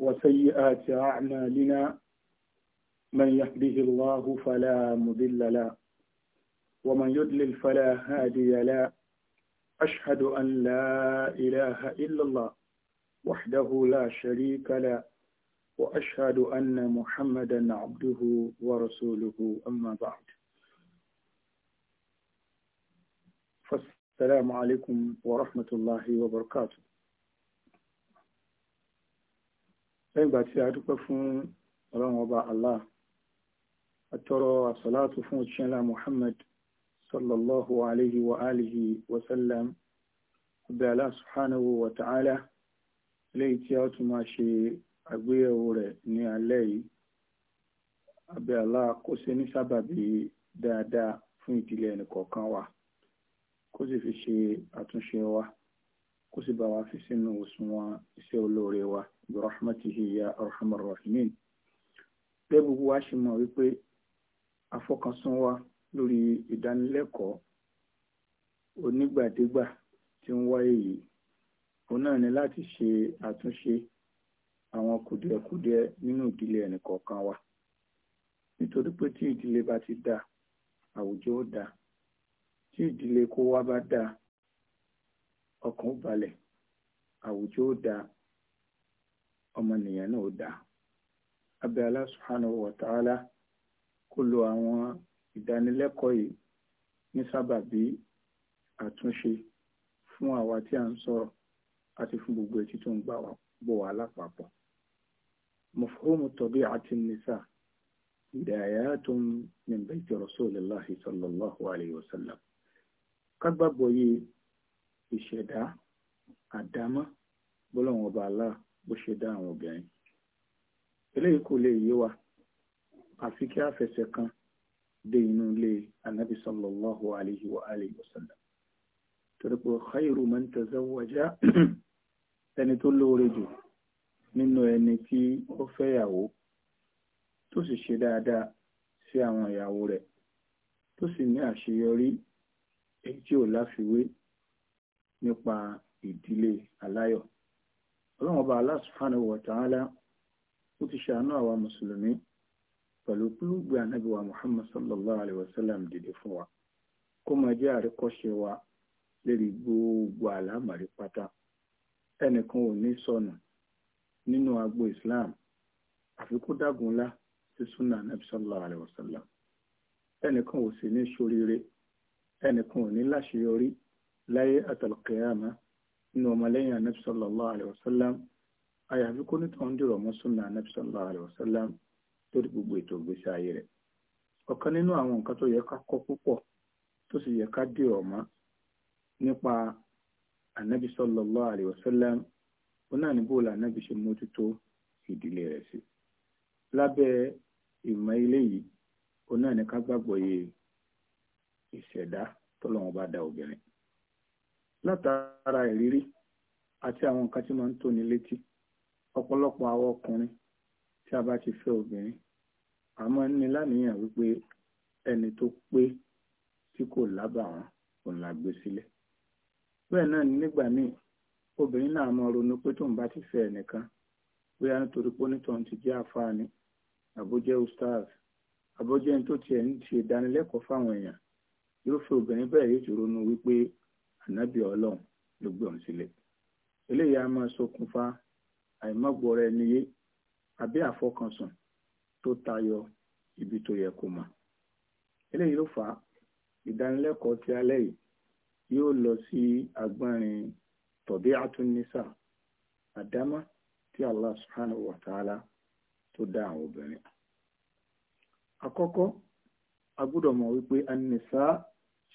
وسيئات أعمالنا من يهده الله فلا مضل له ومن يضلل فلا هادي له أشهد أن لا إله إلا الله وحده لا شريك له وأشهد أن محمدا عبده ورسوله أما بعد فالسلام عليكم ورحمة الله وبركاته lẹ́yìn ìgbà tí a dúpẹ́ fún ọlọ́run ọba allah àtọrọ àsọ̀láàtù fún òṣìṣẹ́lá muhammad sallallahu alayhi wa alihi wa sallam ọbẹ̀ allah subhanahu wa ta'ala lẹ́yìn tí a tún máa ṣe àgbéyẹ̀wò rẹ̀ ní alẹ́ yìí abẹ́ allah kó ṣe ní sábàbí dáadáa fún ìdílé ẹnìkọ̀ọ̀kan wa kó sì fi ṣe àtúnṣe wa kó sì bá wa fi sínú òṣùwọ̀n iṣẹ́ olóore wa. برحمته يا أرحم الراحمين bẹ́ẹ̀ gbogbo wa ṣe mọ̀ wípé afọkànsán wa lórí ìdánilẹ́kọ̀ọ́ onígbàdégbà tí ń wáyé yìí òun náà ni láti àwọn kùdìẹ̀kudiẹ nínú ìdílé ẹnìkọ̀ọ̀kan wa nítorí pé tí ìdílé bá ti dáa àwùjọ ó dáa tí ìdílé kó wá bá dáa ọkàn ó balẹ̀ àwùjọ ó dáa ọmọnìyàn náà dá abẹ́ Allah subhanahu wa ta'ala kó lo àwọn ìdánilẹ́kọ̀ọ́ yìí ní sábàbí àtúnṣe fún àwa tí a ń sọ̀rọ̀ àti fún gbogbo etí tó ń gbà bọ̀ wá lápapọ̀ mafhumu tabi'ati nisa hidayatun min bayti rasulillahi sallallahu alayhi wa sallam kágbàgbọ́ yìí ìṣẹ̀dá àdámọ́ bọ́lọ́wọ́n ọba aláà bó ṣe dá àwọn obìnrin eléyìí kò lè yé wa àfi kí a fẹsẹ̀ kan dé inú ilé anabi sallallahu alayhi wa alayhi wa sallam torí pé khayru man tazawwaja ẹni tó lóore jù nínú ẹni tí ó fẹ́yàwó tó sì ṣe dáadáa sí àwọn ìyàwó rẹ̀ tó sì ní àṣeyọrí èyí tí ò láfiwé nípa ìdílé aláyọ̀ ọlọ́run ọba Allah subhanahu wa ta'ala ó ti ṣàánú àwa mùsùlùmí pẹ̀lú púlùgbé ànábì wa Muhammad sallallahu alayhi wa sallam dìde fún wa kó máa jẹ́ àríkọ́ṣe wa lérí gbogbo àlámàrí pátá ẹnìkan ò ní sọnù nínú agbo Islam àfikún dágun ńlá sí súnà ànábì sallallahu alayhi wa sallam ẹnìkan ò sì ní ṣoríire ẹnìkan ò ní láṣeyọrí láyé àtàlùkẹ́yàmá nínú ọmọlẹ́yìn anabi sallallahu alayhi wa sallam àyàfi kó ní tọ́hún dìrọ̀ mọ́ súnà anabi sallallahu alayhi wa sallam lórí gbogbo ètò ìgbésí ayé rẹ̀ ọ̀kan nínú àwọn nǹkan tó yẹ ká kọ́ púpọ̀ tó sì yẹ ká dìrọ̀ mọ́ nípa anabi sallallahu alayhi wa sallam òun náà ní bóòlù anabi ṣe mójútó ìdílé rẹ̀ sí lábẹ́ ìmọ̀ ilé yìí òun náà ní ká gbàgbọ́ yé ìṣẹ̀dá tọ́lọ́wọ́n bá da obìnrin látara ìrírí àti àwọn nǹkan tí máa ń tóni létí ọ̀pọ̀lọpọ̀ àwọn ọkùnrin tí a bá ti fẹ́ obìnrin a máa ń ní láníyàn wípé ẹni tó pé tí kò lábàwọ́n la gbé sílẹ̀ bẹ́ẹ̀ náà nígbà míì obìnrin náà máa ronú pé tóun bá ti fẹ́ ẹnìkan bóyá nítorí pé onítọ̀hún ti jẹ́ àfáàní àbójẹ́ ustaz àbójẹ́ tó tiẹ̀ ń ṣe ìdánilẹ́kọ̀ọ́ fáwọn èèyàn irúfẹ́ obìnrin bẹ́ẹ̀ yóò ti ronú wípé ànábì ọlọ́run ló gbé òun sílẹ̀ eléyìí a máa ṣokùnfà àìmọ́gbọ́ra ẹni yé àbí àfọkànsùn tó tayọ ibi tó yẹ kó mọ̀ eléyìí ló fà á ìdánilẹ́kọ̀ọ́ ti alẹ́ yìí yóò lọ sí agbọ́nrin tọ̀bí àtúnisà àdámọ́ tí Allah subhanahu wa ta'ala tó dá àwọn obìnrin. Àkọ́kọ́, a mọ̀ wípé Anisa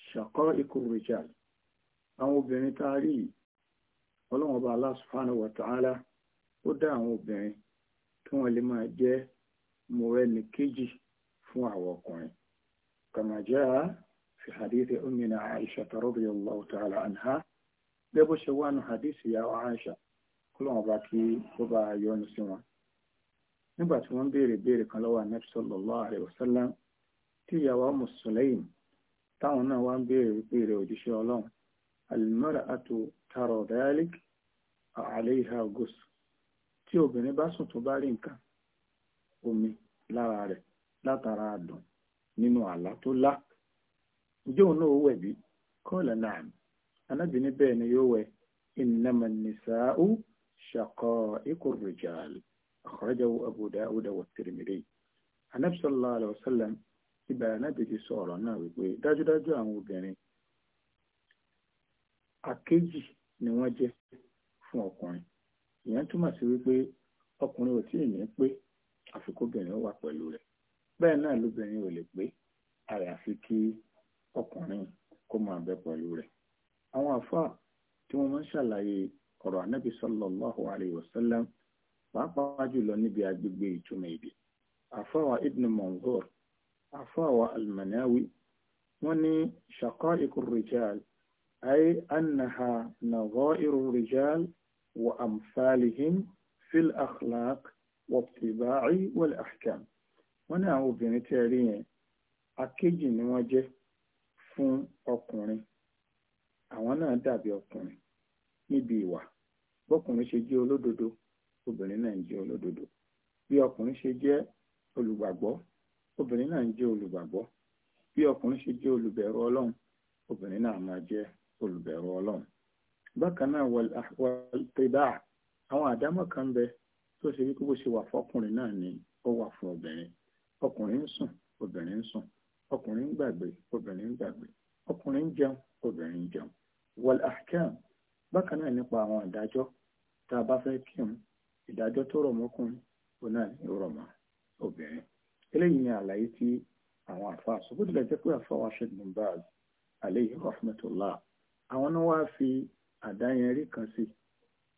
ṣàkọ́ ikú Rijal àwọn obìnrin tá a rí yìí ọlọ́run ọba wa ta'ala ó dá àwọn obìnrin a wọ́n lè máa jẹ́ mọ̀rẹ́ni kejì fún àwọn ọkùnrin kama fi hadithi ummina Aisha radiyallahu ta'ala anha bẹ́ẹ̀ bó ṣe wà nù hadithi ya Aisha kọ́lọ́run ọba kí ó bá yọ́nú sí wọn nígbà tí wọ́n béèrè béèrè kan lọ́wọ́ anabi sallallahu alayhi wa tí ìyàwó mùsùlẹ́yìn táwọn náà المرأة ترى ذلك عليها غسل tí obìnrin bá sùn tó bá rí nǹkan omi lára rẹ̀ látara àdùn nínú àlá tó lá ǹjẹ́ òun náà wẹ̀ bí kọ́ọ̀lá náà anábìnrin bẹ́ẹ̀ ni yóò wẹ̀ innama nisa'u shaqa'iqu rijal akhrajahu abu dawud wa tirmidhi anabi sallallahu alaihi wasallam ibà anábìnrin sọ ọ̀rọ̀ náà wípé dájúdájú àwọn obìnrin àkejì ni wọ́n jẹ́ fún ọkùnrin ìyẹn túmọ̀ sí wípé ọkùnrin ò tí ì ní pé àfikóbìnrin ó wà pẹ̀lú rẹ̀ bẹ́ẹ̀ náà lóbìnrin ò lè pé àyàfi kí ọkùnrin kó máa bẹ pẹ̀lú rẹ̀ àwọn àfáà tí wọ́n máa ń ṣàlàyé ọ̀rọ̀ ànábì sallallahu alayhi wa sallam pàápàá jùlọ níbi agbègbè ìtumọ̀ èdè àfáà ibn Manzur àfáà almanawi wọ́n ní shaqa'iqur rijal أي أنها نظائر الرجال وأمثالهم في الأخلاق والطباع والأحكام wọ́n ní أكيد نواجه tẹ́ rí yẹn akéjì ni wọ́n jẹ́ fún ọkùnrin àwọn náà dàbí ọkùnrin níbi ìwà bọ́kùnrin ṣe jẹ́ olódodo obìnrin náà ń jẹ́ olódodo bí ọkùnrin ṣe jẹ́ olùgbàgbọ́ obìnrin náà ń jẹ́ olùgbàgbọ́ bí ọkùnrin ṣe jẹ́ olùbẹ̀rù ọlọ́run obìnrin náà máa jẹ́ olùbẹ̀rù ọlọ́run bákan náà wọlùtìbá àwọn àdámọ́ kan bẹ tó ṣe wípé bó ṣe wà fọkùnrin náà ni ó wà fún obìnrin ọkùnrin ń sùn obìnrin ń sùn ọkùnrin ń gbàgbé obìnrin ń gbàgbé ọkùnrin ń jẹun obìnrin ń jẹun bákan náà a bá fẹ́ ìdájọ́ tó rọ̀ mọ́kùnrin náà ni ó rọ̀ mọ́ obìnrin eléyìí ni àlàyé ti àwọn àfa àsopọ̀ tilẹ̀ jẹ́ pé àfa wa ṣe àlẹ́ àwọn náà wá fi àdáyẹnrí kan sí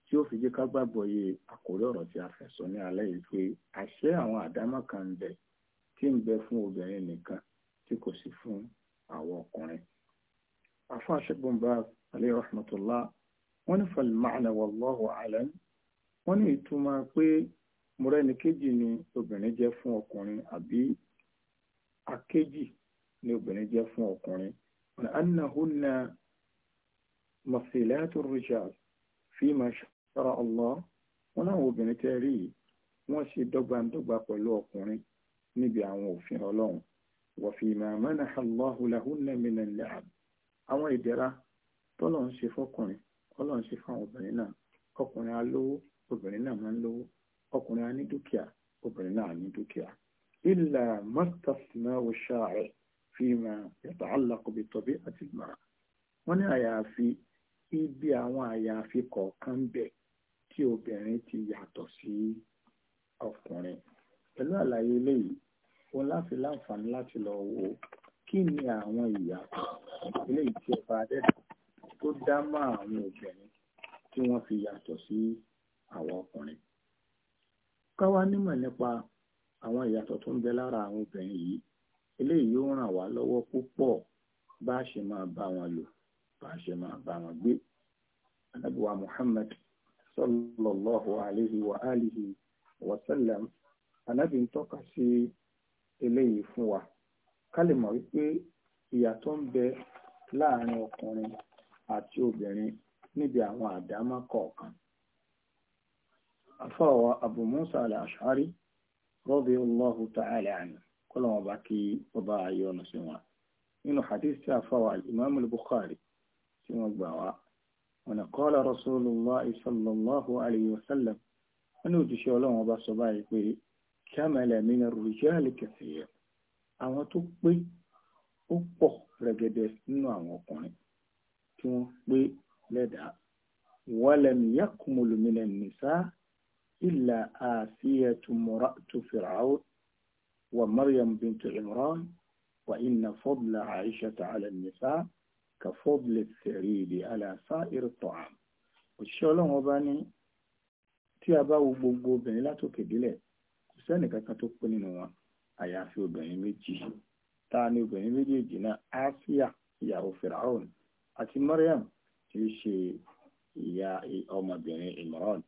tí ó fi jẹ́ ká gbàgbọ́ yé àkórí ọ̀rọ̀ tí a fẹ́ sọ ní alẹ́ yìí pé àṣẹ àwọn àdámọ́ kan ń bẹ tí ń bẹ fún obìnrin nìkan tí kò sí fún àwọn ọkùnrin. àfáà ṣẹ́gun alẹ́ rahmatullah wọ́n ní falmaana wallahu alam wọ́n ní ìtumọ̀ pé mọ̀rẹ́ni kejì ni obìnrin jẹ́ fún ọkùnrin àbí akéjì ni obìnrin jẹ́ fún ọkùnrin. wọ́n ní annahunna مثيلات الرجال فيما ṣọ́ra الله wọn láwọn obìnrin tẹ́ rí yìí wọ́n ṣe dọ́gbandọ́gba pẹ̀lú ọkùnrin níbi àwọn òfin ọlọ́run wa fīmā manaḥa Allāhu lahunna min al-ni'am àwọn ìdẹ̀ra tọ́lọ̀ ń ṣe fọkùnrin ọlọ́run ṣe fáwọn obìnrin náà ọkùnrin alówó obìnrin náà máa ń lówó ọkùnrin á dúkìá obìnrin náà á dúkìá. illā mastasnāhu ash-shāri' fīmā yata'allaqu bi-ṭabī'ati al wọ́n ní àyàfi ibi àwọn àyàfi kọ̀ọ̀kan bẹ̀ tí obìnrin ti yàtọ̀ sí ọkùnrin pẹ̀lú àlàyé eléyìí òun láfi láǹfààní láti lọ wo kí ni àwọn ìyàtọ̀ eléyìí tí ọba adẹ́dà tó dá mọ́ àwọn obìnrin tí wọ́n fi yàtọ̀ sí àwọn ọkùnrin ká wá nímọ̀ nípa àwọn ìyàtọ̀ tó ń bẹ lára àwọn obìnrin yìí eléyìí yóò ràn wá lọ́wọ́ púpọ̀ bá a ṣe máa bá wọn lò bá a ṣe máa bá wọn gbé anabiwa muhammad sallallahu alayhi wa alihi wa sallam anabi ń tọ́ka sí eléyìí fún wa ká lè mọ̀ wípé ìyàtọ̀ ń bẹ láàrin ọkùnrin àti obìnrin níbi àwọn àdámọ́ kọ̀ọ̀kan. afọ́wọ́ abu musa al-ashari radiyallahu ta'ala anhu kọ́lọ́wọ́n kí ọba ayọ́nu sí wọn nínú hadith tí afọ́wọ́ imam al-bukhari tí wọ́n gbà wá ọ̀nà kọ́lá rasulullah sallallahu alayhi wa sallam wọ́n ní òjíṣẹ́ ọlọ́run ọba sọ báyìí pé kamala mina rijali kathir àwọn tó pé ó pọ̀ rẹ̀gẹ̀dẹ̀ nínú àwọn ọkùnrin tí wọ́n pé lẹ́dàá walam yakmulu mina nisa illa asiyatu muratu fir'aun wa maryam bintu imran wa inna fadla aishata ala nisa. كفضل الثريد على سائر الطعام òṣìṣẹ́ ọlọ́run ọba ní tí a bá wo gbogbo obìnrin látòkè délẹ̀ kò sẹ́nì kankan tó pé nínú wọn àyàfi obìnrin méjì ta ni obìnrin méjèèjì náà áfíà ìyàwó firaun àti mariam tí ó ṣe ìyá ọmọbìnrin imran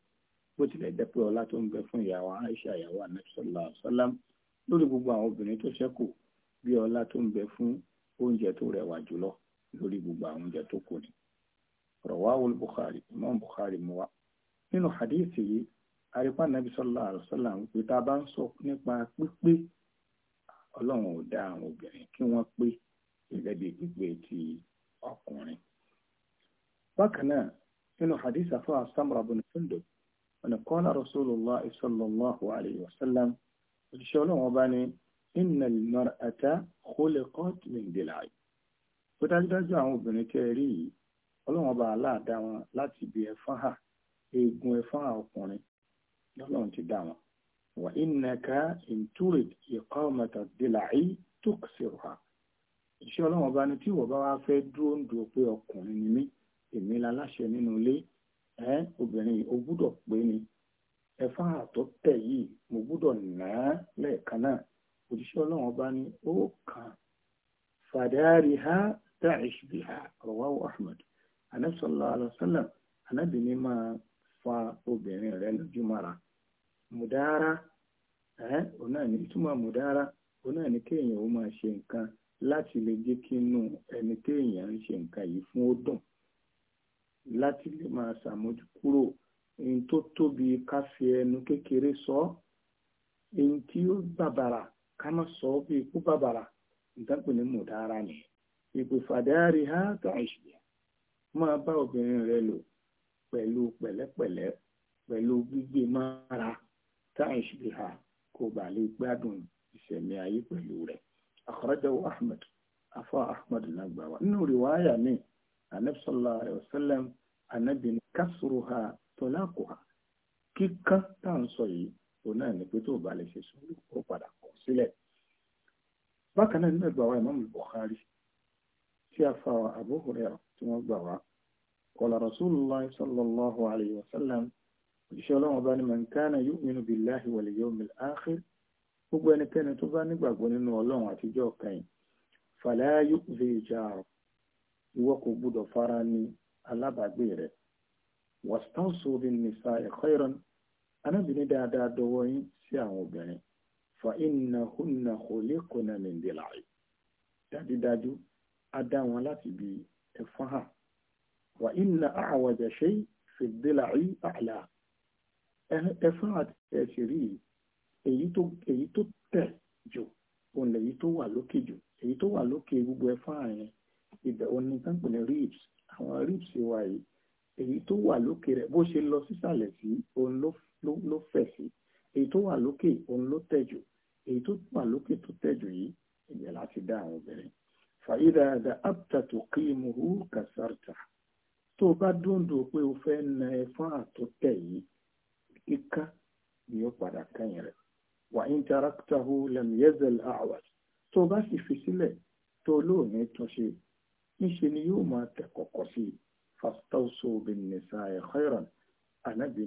bó tilẹ̀ jẹ́ pé ọlá tó ń bẹ fún ìyàwó aisha ìyàwó anabi sallallahu alaihi wasallam lórí gbogbo àwọn obìnrin tó ṣẹ́kù bí ọlá tó ń bẹ fún oúnjẹ tó rẹwà jùlọ lórí gbogbo àwọn oúnjẹ tó kù ni rọwáwul bukhari imam bukhari mú wá nínú hadithi yìí arípa nabi sallallahu alaihi wasallam wípé tá a bá ń sọ nípa pípé ọlọ́run ò dá àwọn obìnrin kí wọ́n pé gẹ́gẹ́ bí pípé ti ọkùnrin bákan náà nínú hadith afọ́ asamra bin fundo ọ̀nà kọ́lá rasulullah sallallahu alaihi wasallam òṣìṣẹ́ ọlọ́run ọba ni inna al khuliqat min dila'in ó dájúdájú àwọn obìnrin tẹ́ ẹ rí yìí ọlọ́run ọba aláàdá wọn láti ibi ẹ̀fọ́n hà eegun ẹ̀fọ́n hà ọkùnrin lọ́lọ́run ti dá wọn. wà ìnàka ìtúrèd ìkọ́ mẹ́tàdínláì tó kẹsìrò ha. iṣẹ́ ọlọ́run ọba ni tí ìwọ bá wá fẹ́ dúró ń dúró pé ọkùnrin ni mí èmi la láṣẹ nínú ilé obìnrin o gbúdọ̀ pé ni ẹ̀fọ́n hà tó tẹ̀ yìí mo gbúdọ̀ nà lẹ́ẹ̀kan náà òjíṣẹ́ ọlọ́run ọba ni ó kàn fàdárì ha تعش بها رواه أحمد النبي صلى الله عليه وسلم ànábì ní máa fa rẹ lójúmọ́ra mùdára ẹ ọ̀nà ní ìtumọ̀ mùdára ọ̀nà ní ṣe láti lè jẹ́ kí inú ẹni kéèyàn ń ṣe nǹkan yìí fún ó dùn láti lè máa ṣàmójúkúrò ohun tó tóbi ká fi ẹnu kékeré sọ tí ó bàbàrà ká má sọ ọ́ bíi kú bàbàrà ìpè fàdáàrí ha tó àìṣìyà máa bá obìnrin rẹ lò pẹ̀lú pẹ̀lẹ́pẹ̀lẹ́ pẹ̀lú gbígbé mára tá àìṣìyà ha kò bà lè gbádùn ìṣẹ̀mí ayé pẹ̀lú rẹ̀ àkọ́rẹ́dẹ́wò ahmed afọ́ ahmed lágbàwá nínú rìwáyà mi anabi sallallahu alayhi wa sallam anabi ni kásùrù ha tọ́lákù ha kíkán tá à ń sọ yìí òun náà ní pé tó bá lè ṣe sùúrù bákan náà nínú ìgbà wa imam bukhari tí a fa Abu Hurairah tí wọ́n gbà wá qala Rasulullah sallallahu alayhi wa sallam òṣìṣẹ́ ọlọ́run ọba ni man kana yu'minu billahi wal yawmil akhir gbogbo ẹnikẹ́ni tó bá nígbàgbọ́ nínú ọlọ́run àtijọ́ kẹyìn fala yu'zi jara ìwọ kò gbúdọ̀ fara ní alábàágbé rẹ̀ wastansu bin nisa'i khayran anábìnrin dáadáa dọwọ́ yín sí àwọn obìnrin fa innahunna khuliqna min dila'in dájúdájú á dá wọn láti bí ẹ̀fọ́n hà wà ìnà àwàjà ṣe fìdílà rí àlà ẹ̀fọ́n àti ẹ̀ṣìrí èyí tó tẹ̀ jù òun lèyí tó wà lókè jù èyí tó wà lókè gbogbo ẹ̀fọ́n àárín ibẹ̀ òun ni tán pè ní ribs àwọn ribs wa yìí èyí tó wà lókè rẹ̀ bó ṣe lọ sísàlẹ̀ sí òun ló fẹ̀ sí èyí tó wà lókè òun ló tẹ̀ jù èyí tó wà lókè tó tẹ̀ jù yìí ìgbẹ́ láti dá àwọn obìnrin fàyídà dàáptà tó kí muhu kàsàrtà tó bá dúndùn pé o fẹ́ na ẹ̀fọn àtúntẹ̀ yìí kíká ni ó padà kẹ́yìn rẹ̀ wà ń taraktahu lam yazal a'was tó bá sì fi sílẹ̀ tó lóòní túnṣe níṣe ni yóò máa tẹ̀ kọ̀kọ̀ sí i fastawso bin nisa'i khairan ànábì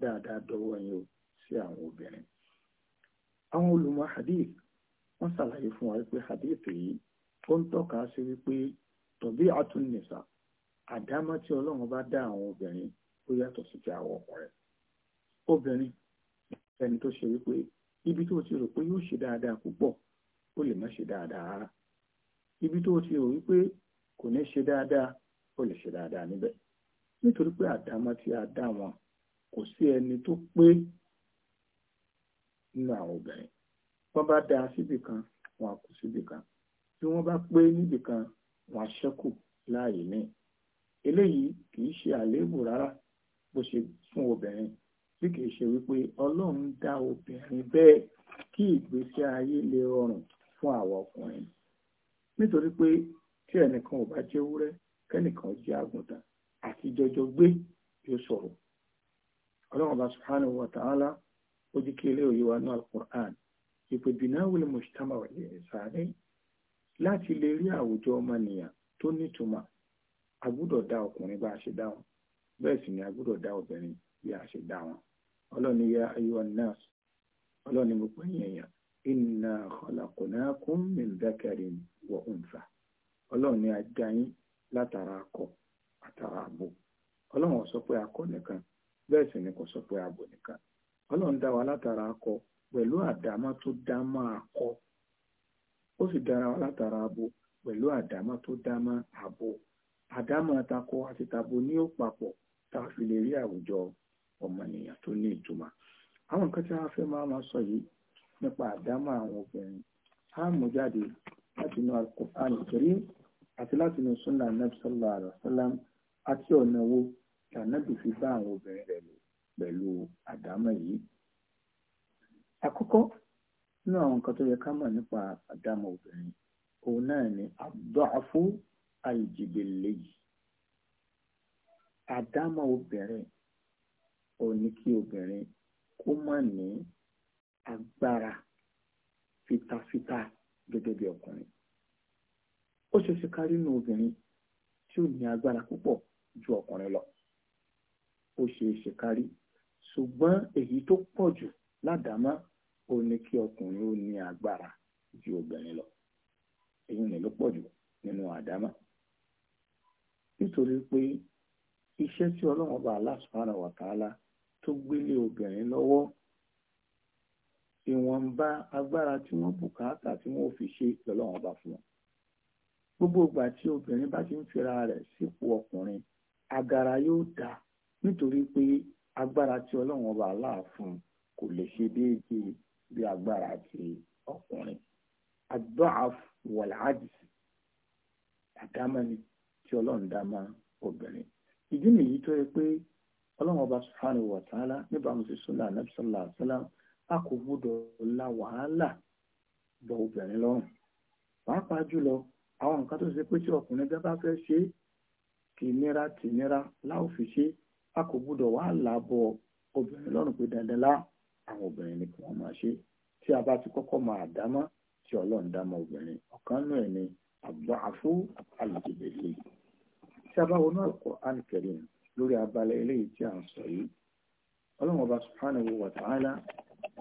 dáadáa dọ́wọ́ yín o sí àwọn obìnrin. àwọn olùmọ̀ hadith wọ́n ṣàlàyé fún wa pé hadith yìí ó ń tọ́ka sí wípé tọ̀bí adama àdámọ́ tí ọlọ́run bá dá àwọn obìnrin ó yàtọ̀ sí ti àwọn ọkùnrin obìnrin ẹni tó ṣe wípé ibi tó ti rò pé yóò ṣe dáadáa púpọ̀ ó lè má ṣe dáadáa rárá ibi tó ti rò wípé kò ní ṣe dáadáa ó lè ṣe dáadáa níbẹ̀ nítorí pé àdámọ́ tí a dá wọn kò sí ẹni tó pé nínú àwọn obìnrin bá dá síbì kan wọn kò síbì kan tí wọ́n bá pé níbìkan wọn ṣẹ́kù láàyè míì eléyìí kì í ṣe àléébù rárá bó ṣe fún obìnrin tí kì í ṣe wípé ọlọ́run dá obìnrin bẹ́ẹ̀ kí ìgbésí ayé lè rọrùn fún àwọn ọkùnrin nítorí pé tí ẹnìkan ò bá jẹ́ ewúrẹ́ kẹ́nìkan jẹ́ àgùntàn àti jọjọ gbé yóò sọ̀rọ̀ ọlọ́run bá subhanahu wa ta'ala ó jí kí ilé òye wa náà Al-Qur'an ìpèbìnà wílé mujtama wal insani láti lè rí àwùjọ ọmọnìyàn tó nítumọ̀ a gbúdọ̀ dá ọkùnrin bá a ṣe dá wọn bẹ́ẹ̀ sì ni a gbúdọ̀ dá obìnrin bí a ṣe dá wọn ọlọ́ni ya ayyuhan nas ọlọ́ni mo pè yẹn yàn inna khalaqnakum ọlọ́ni yín ọlọ́run ni kò sọ pé ọlọ́run dá wa látara akọ pẹ̀lú àdámọ́ tó ó sì dára wa látara abo pẹ̀lú àdámọ́ tó dámọ́ abo àdámọ́ takọ àti tabo ní ó papọ̀ tá a fi lè rí àwùjọ ọmọnìyàn tó ní ìtumọ̀ àwọn nǹkan tí a fẹ́ máa ma sọ yìí nípa àdámọ́ àwọn obìnrin á mú jáde láti inú Al-Qur'an àti láti inú sunna anabi sallallahu alayhi wa sallam àti ọ̀nà wo lànàbì fi bá àwọn obìnrin rẹ̀ lò pẹ̀lú àdámọ́ yìí. àkọ́kọ́ nínú àwọn nǹkan tó yẹ ká mọ̀ nípa àdámọ̀ obìnrin òun náà ni àdọ́àfú àìjìbìlì yìí àdámọ̀ obìnrin òun ni kí obìnrin kó má ní agbára fitafita gẹ́gẹ́ bí ọkùnrin ó ṣe ṣe kárí nínú obìnrin tí ó ní agbára púpọ̀ ju ọkùnrin lọ ó ṣe ṣe kárí ṣùgbọ́n èyí tó pọ̀ jù ládàámọ́ ó ní kí ọkùnrin ó ní agbára ju obìnrin lọ èyí ni ló pọ̀ jù nínú àdámọ́ nítorí pé iṣẹ́ tí ọlọ́run ọba Allah subhanahu wa ta'ala tó gbélé obìnrin lọ́wọ́ ìwọ̀nba agbára tí wọ́n bùkátà tí wọ́n fi ṣe lọ́lọ́run ọba fún wọn gbogbo ìgbà tí obìnrin bá ti ń fira rẹ̀ sípò ọkùnrin agara yóò dá nítorí pé agbára tí ọlọ́run ọba Allah kò lè ṣe déédéé bí agbára àti ọkùnrin ad-da'af wal-'ajz àdámẹ́ni tí ọlọ́run dá obìnrin ìdí nìyí tó yẹ pé ọlọ́run ọba ta'ala níbàámu sí sunna anabi a kò gbọ́dọ̀ la wàhálà bọ obìnrin lọ́rùn pàápàá jùlọ àwọn nǹkan tó ṣe pé tí ọkùnrin bẹ́ẹ̀ bá fẹ́ ṣe tìnira tìnira láò fi ṣe a kò gbọ́dọ̀ wàhálà bọ obìnrin àwọn obìnrin ni kí wọ́n máa ṣe tí a bá ti kọ́kọ́ máa dámọ́ tí ọlọ́run dámọ́ obìnrin ọ̀kan náà ẹ̀ ni àgbà àfú àlùjẹ̀bẹ̀lẹ̀ tí a bá wọnú Al-Qur'an Karim lórí abalẹ̀ eléyìí tí a ń sọ yìí ọlọ́run ọba subhanahu wa ta'ala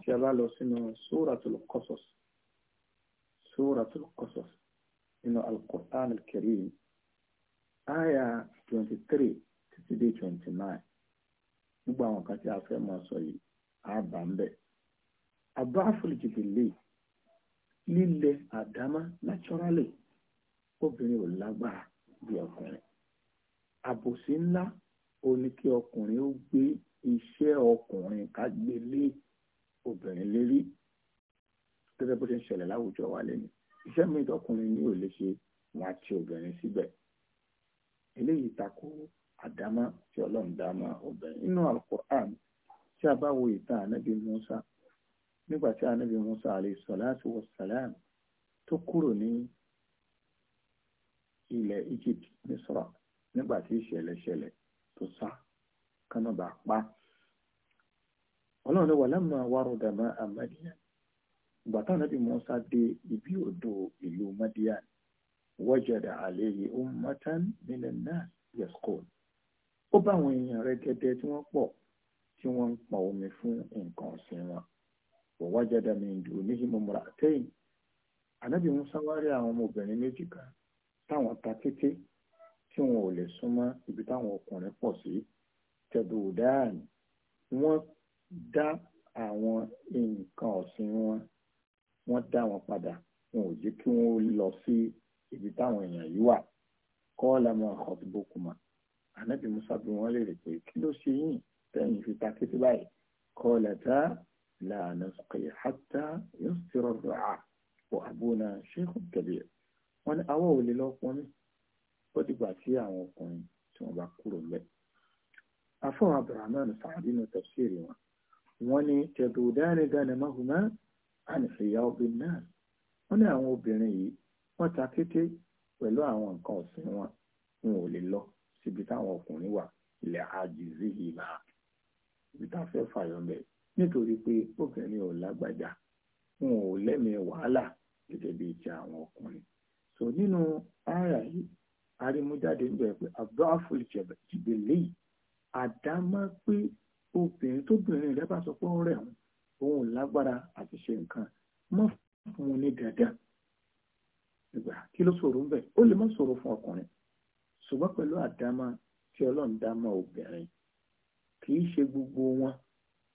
tí a bá lọ sínú suratul Qasas suratul Qasas nínú Al-Qur'an Karim twenty three títí dé twenty nine gbogbo àwọn kan tí a fẹ́ máa sọ yìí àbá ń bẹ̀. àbá àfòlìkìtì lè lílẹ̀ àdámá naturally obìnrin ò lágbára bí ọkùnrin. àbòsí ńlá ó ní kí ọkùnrin ó gbé iṣẹ́ ọkùnrin ká gbé lé obìnrin lérí gẹ́gẹ́ bó ṣe ń ṣẹlẹ̀ láwùjọ wa lẹ́nu iṣẹ́ mi ìdọ́kùnrin ní ò lè ṣe wọn àti obìnrin síbẹ̀ eléyìí tako àdámá tí ọlọ́run dámá obìnrin nínú Al-Qur'an tí a bá wo ìtàn ànábì Musa nígbà tí ànábì Musa alayhi salatu wa salam tó kúrò ní ilẹ̀ Egypt Misra nígbà tí ìṣẹ̀lẹ̀ ṣẹlẹ̀ tó sá kánà bá pa ọlọ́run wà lámà wàrúdà má a Madian ìgbà táwọn ànábì Musa dé ibi odò ìlú Madian wajada alayhi ummatan minan nas yasqun ó bá àwọn èèyàn rẹ̀ gẹ́gẹ́ tí wọ́n pọ̀ tí wọ́n ń pọn omi fún nǹkan ọ̀sìn wọn wa wajada min dunihim imra'atayn ànábì Mùsá wá rí àwọn ọmọbìnrin méjì kan táwọn ta kété tí wọn ò lè súnmọ́ ibi táwọn ọkùnrin pọ̀ sí tẹ̀dùdáàn wọ́n dá àwọn nǹkan ọ̀sìn wọn wọ́n dá wọn padà wọn ò jẹ́ kí wọ́n lọ sí ibi táwọn èèyàn yìí wà qala ma khatbukuma ànábì Mùsá bí wọ́n lè rè pé kí ló ṣe yín tẹ́yìn fi ta kété báyìí kọ́lẹ̀tà lànà sọ̀kẹ́ hàtà yóò sọ̀rọ̀ dọ̀à wọ àbúnà ṣẹ́kù kẹ̀lẹ́ wọn ni awọ́ òlè lọ́pọ̀ mi ó dìgbà tí àwọn ọkùnrin tí wọ́n bá kúrò lẹ̀. afọ́ abdulrahman sàádì ní tafsiri wọn wọn ni tẹ̀dùdáni ghanamahuma ànìfẹ̀yà obìnrin náà wọn ni àwọn obìnrin yìí wọ́n ta kété pẹ̀lú àwọn nǹkan ọ̀sìn wọn wọn ò lè lọ síbi táwọn ọkùnrin wà ilẹ̀ àjèjì yìí máa ibi fẹ́ fàyọ̀ ń nítorí pé obìnrin ò lágbájá wọn ò lẹ́mìí wàhálà gẹ́gẹ́ bíi ti àwọn ọkùnrin so nínú ara yìí arímújáde ń bẹ̀ pé abdulhafu jìbìlì àdámọ́ pé obìnrin tóbìnrin rẹ bá sọ pé ó òun òun lágbára àti ṣe nǹkan mọ́ fún un ní dandan ìgbà kí ló ṣòro ń ó lè má ṣòro fún ọkùnrin ṣùgbọ́n pẹ̀lú àdámọ́ tí ọlọ́run dámọ́ obìnrin kì í ṣe gbogbo wọn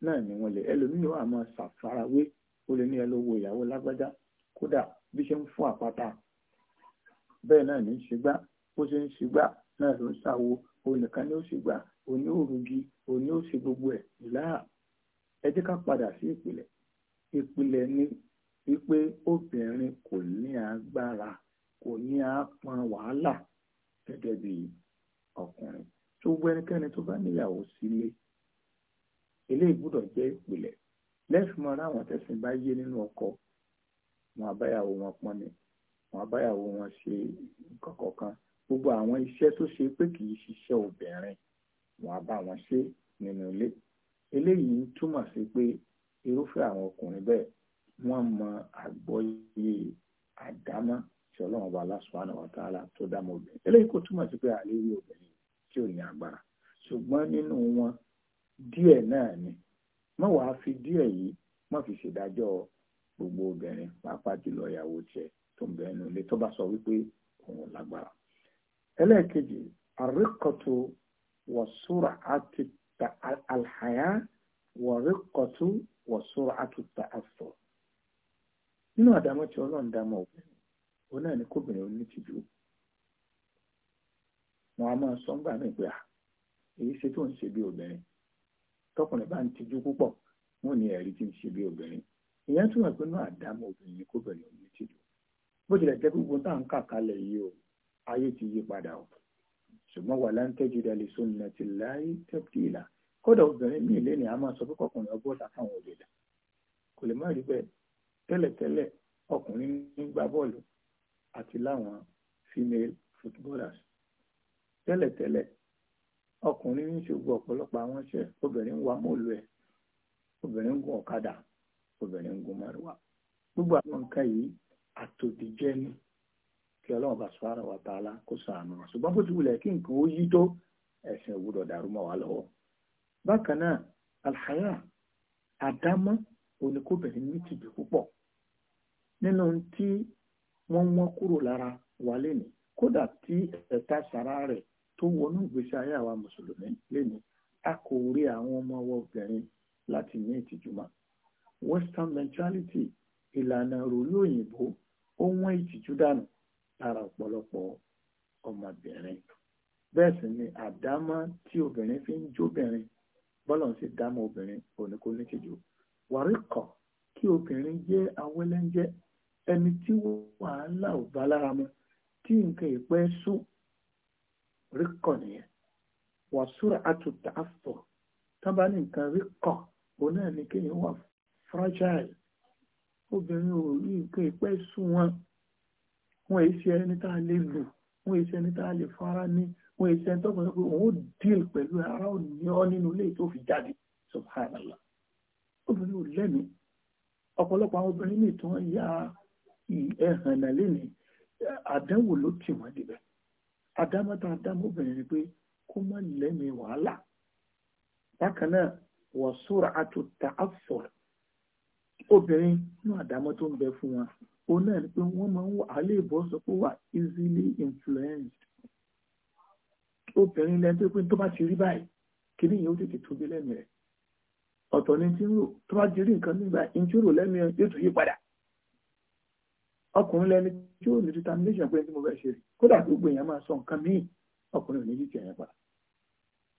náà ni wọ́n lè ẹlòmíì wà máa ṣàfarawé ó lè ní ẹlòwò ìyàwó lágbájá kódà bí ṣe ń fún àpáta bẹ́ẹ̀ náà ní ṣùgbà bó ṣe ń ṣùgbà náà ló ń ṣàwo onìkan ní ó ṣùgbà òní òrùgi òní ó ṣe gbogbo ẹ̀ láà ẹ ká padà sí ìpìlẹ̀ ìpìlẹ̀ ni wípé obìnrin kò ní agbára kò ní apọn wàhálà gẹ́gẹ́ bí ọkùnrin tó gbọ́ ẹnikẹ́ni tó bá níyàwó sílé eléyìí gbọ́dọ̀ jẹ́ ìpìlẹ̀ lẹ́sùn mọ́ tẹ̀sìn bá yé nínú ọkọ wọn àbáyàwó wọn pọ́n ni wọn àbáyàwó wọn ṣe nǹkan kọ̀ọ̀kan gbogbo àwọn iṣẹ́ tó ṣe pé kì í ṣiṣẹ́ obìnrin wọn àbá wọn ṣe nínú ilé eléyìí ń túmọ̀ sí pé irúfẹ́ àwọn ọkùnrin bẹ́ẹ̀ wọ́n mọ àgbọ́yé àdámọ́ tí ọlọ́run bá lásùwánà wàtàlá tó dá mọ́ obìnrin eléyìí kò túmọ̀ sí pé àlérí obìnrin tí ò ní agbára ṣùgbọ́n nínú wọn díẹ̀ náà ni má wàá fi díẹ̀ yìí ma fi ṣèdájọ́ gbogbo obìnrin pàápàá jùlọ ìyàwó tiẹ̀ tó ń bẹ ẹnu ilé tó bá sọ wípé òun lágbára. ẹlẹ́ẹ̀kejì àríkọ̀tù wọ̀súra àti àlàyé wọ̀ríkọ̀tù wọ̀súra àti tààfọ̀. nínú àdámọ́ tí ọlọ́run òun náà ni kóbìnrin wọn a máa sọ ń gbà mí pé à èyí ṣe tó ń ṣe bí obìnrin tọkùnrin bá ń tijú púpọ̀ wọn ní ẹ̀rí tí ń ṣe bí obìnrin ìyẹn túmọ̀ pé náà àdámọ̀ obìnrin kó bẹ̀rẹ̀ òní tìjú bó tilẹ̀ jẹ́ gbogbo tá à ń kà kalẹ̀ yìí o ayé ti yí padà o ṣùgbọ́n wà láńtẹ́jú dalẹ̀ sóńnà ti láyé tẹ́pìtì ìlà kódà obìnrin míì lé ní a máa sọ pé kọkùnrin ọgbọ́n sàkáwọn òde dà kò lè má rí bẹ́ẹ̀ tẹ́lẹ̀tẹ́lẹ̀ ọkùnrin ń gbá bọ́ọ̀lù àti láwọn female footballers tẹ́lẹ̀tẹ́lẹ̀ ọkùnrin ń ṣògo ọ̀pọ̀lọpọ̀ àwọn iṣẹ́ obìnrin ń wa mọ́ọ̀lù ẹ̀ obìnrin ń gun ọ̀kadà obìnrin ń gun márùwá gbogbo àwọn nǹkan yìí àtòdìjẹ́ ni kí ọlọ́run bá sọ́ra wa tààlà kó sàánú wa ṣùgbọ́n bó ti wulẹ̀ kí nǹkan ó yí tó ẹ̀sìn òwúrọ̀ dàrú mọ́ wa lọ́wọ́ bákan náà alhaya àdámọ́ oníkóbìnrin ní tìjú púpọ̀ nínú tí wọ́n wọ́n kúrò lára wa lénìí kódà tí ẹ̀ta sàrá rẹ̀ tó wọnú ìgbésí ayé àwa mùsùlùmí lénìí a kò rí àwọn ọmọ ọwọ́ obìnrin láti ní ìtìjú western mentality ìlànà ìròrí òyìnbó ó wọ́n ìtìjú dànù lára ọ̀pọ̀lọpọ̀ ọmọbìnrin bẹ́ẹ̀ sì ni àdámọ́ tí obìnrin fi ń jóbìnrin bọ́lọ̀ ń sì dámọ́ obìnrin òní kò ní ìtìjú wàrí kọ̀ kí obìnrin jẹ́ awẹ́lẹ́ńjẹ́ ẹni tí wàhálà ò bá lára mu tí nǹkan ìpẹ́ sùn ríkọ̀ nìyẹn wà súra àtúntà àfọ̀ tán bá ní nǹkan ríkọ̀ òun náà ni kéèyàn wà fragile obìnrin ò rí nǹkan ìpẹ́ sùn wọn wọn èyí ṣe ẹni tá a lè lò wọn èyí ṣe ẹni tá a lè fara ní wọn èyí ṣe ẹni tó pé òun ó díìl pẹ̀lú ara ò ní ọ nínú ilé tó fi jáde subhanallah obìnrin ò lẹ́mìí ọ̀pọ̀lọpọ̀ àwọn obìnrin ní ìtàn ya ẹ̀hànnà lénìí àdánwò ló tì wọ́n débẹ̀ àdámọ́ta àdámọ́bìnrin ni pé kó má lẹ́mìí wàhálà bákan náà wọ́n sóra àtúntà àfọ̀rọ̀ obìnrin ní àdámọ́ tó ń bẹ fún wọn òun náà ni pé wọ́n máa ń wà á lè bọ́ sọ pé wà easily influenced obìnrin lẹ́nu tó pé tó bá ti rí báyìí kí ni ìyẹn ó tètè tóbi lẹ́mìí rẹ̀ ọ̀tọ̀ ni tí tó bá ti rí nǹkan nígbà ìjírò lẹ́mìí yóò tún yí padà ọkùnrin lẹni tí ó ní determination pé tí mo fẹ́ ṣe kódà gbogbo èèyàn máa sọ nǹkan míì ọkùnrin ò ní yí tìyẹn padà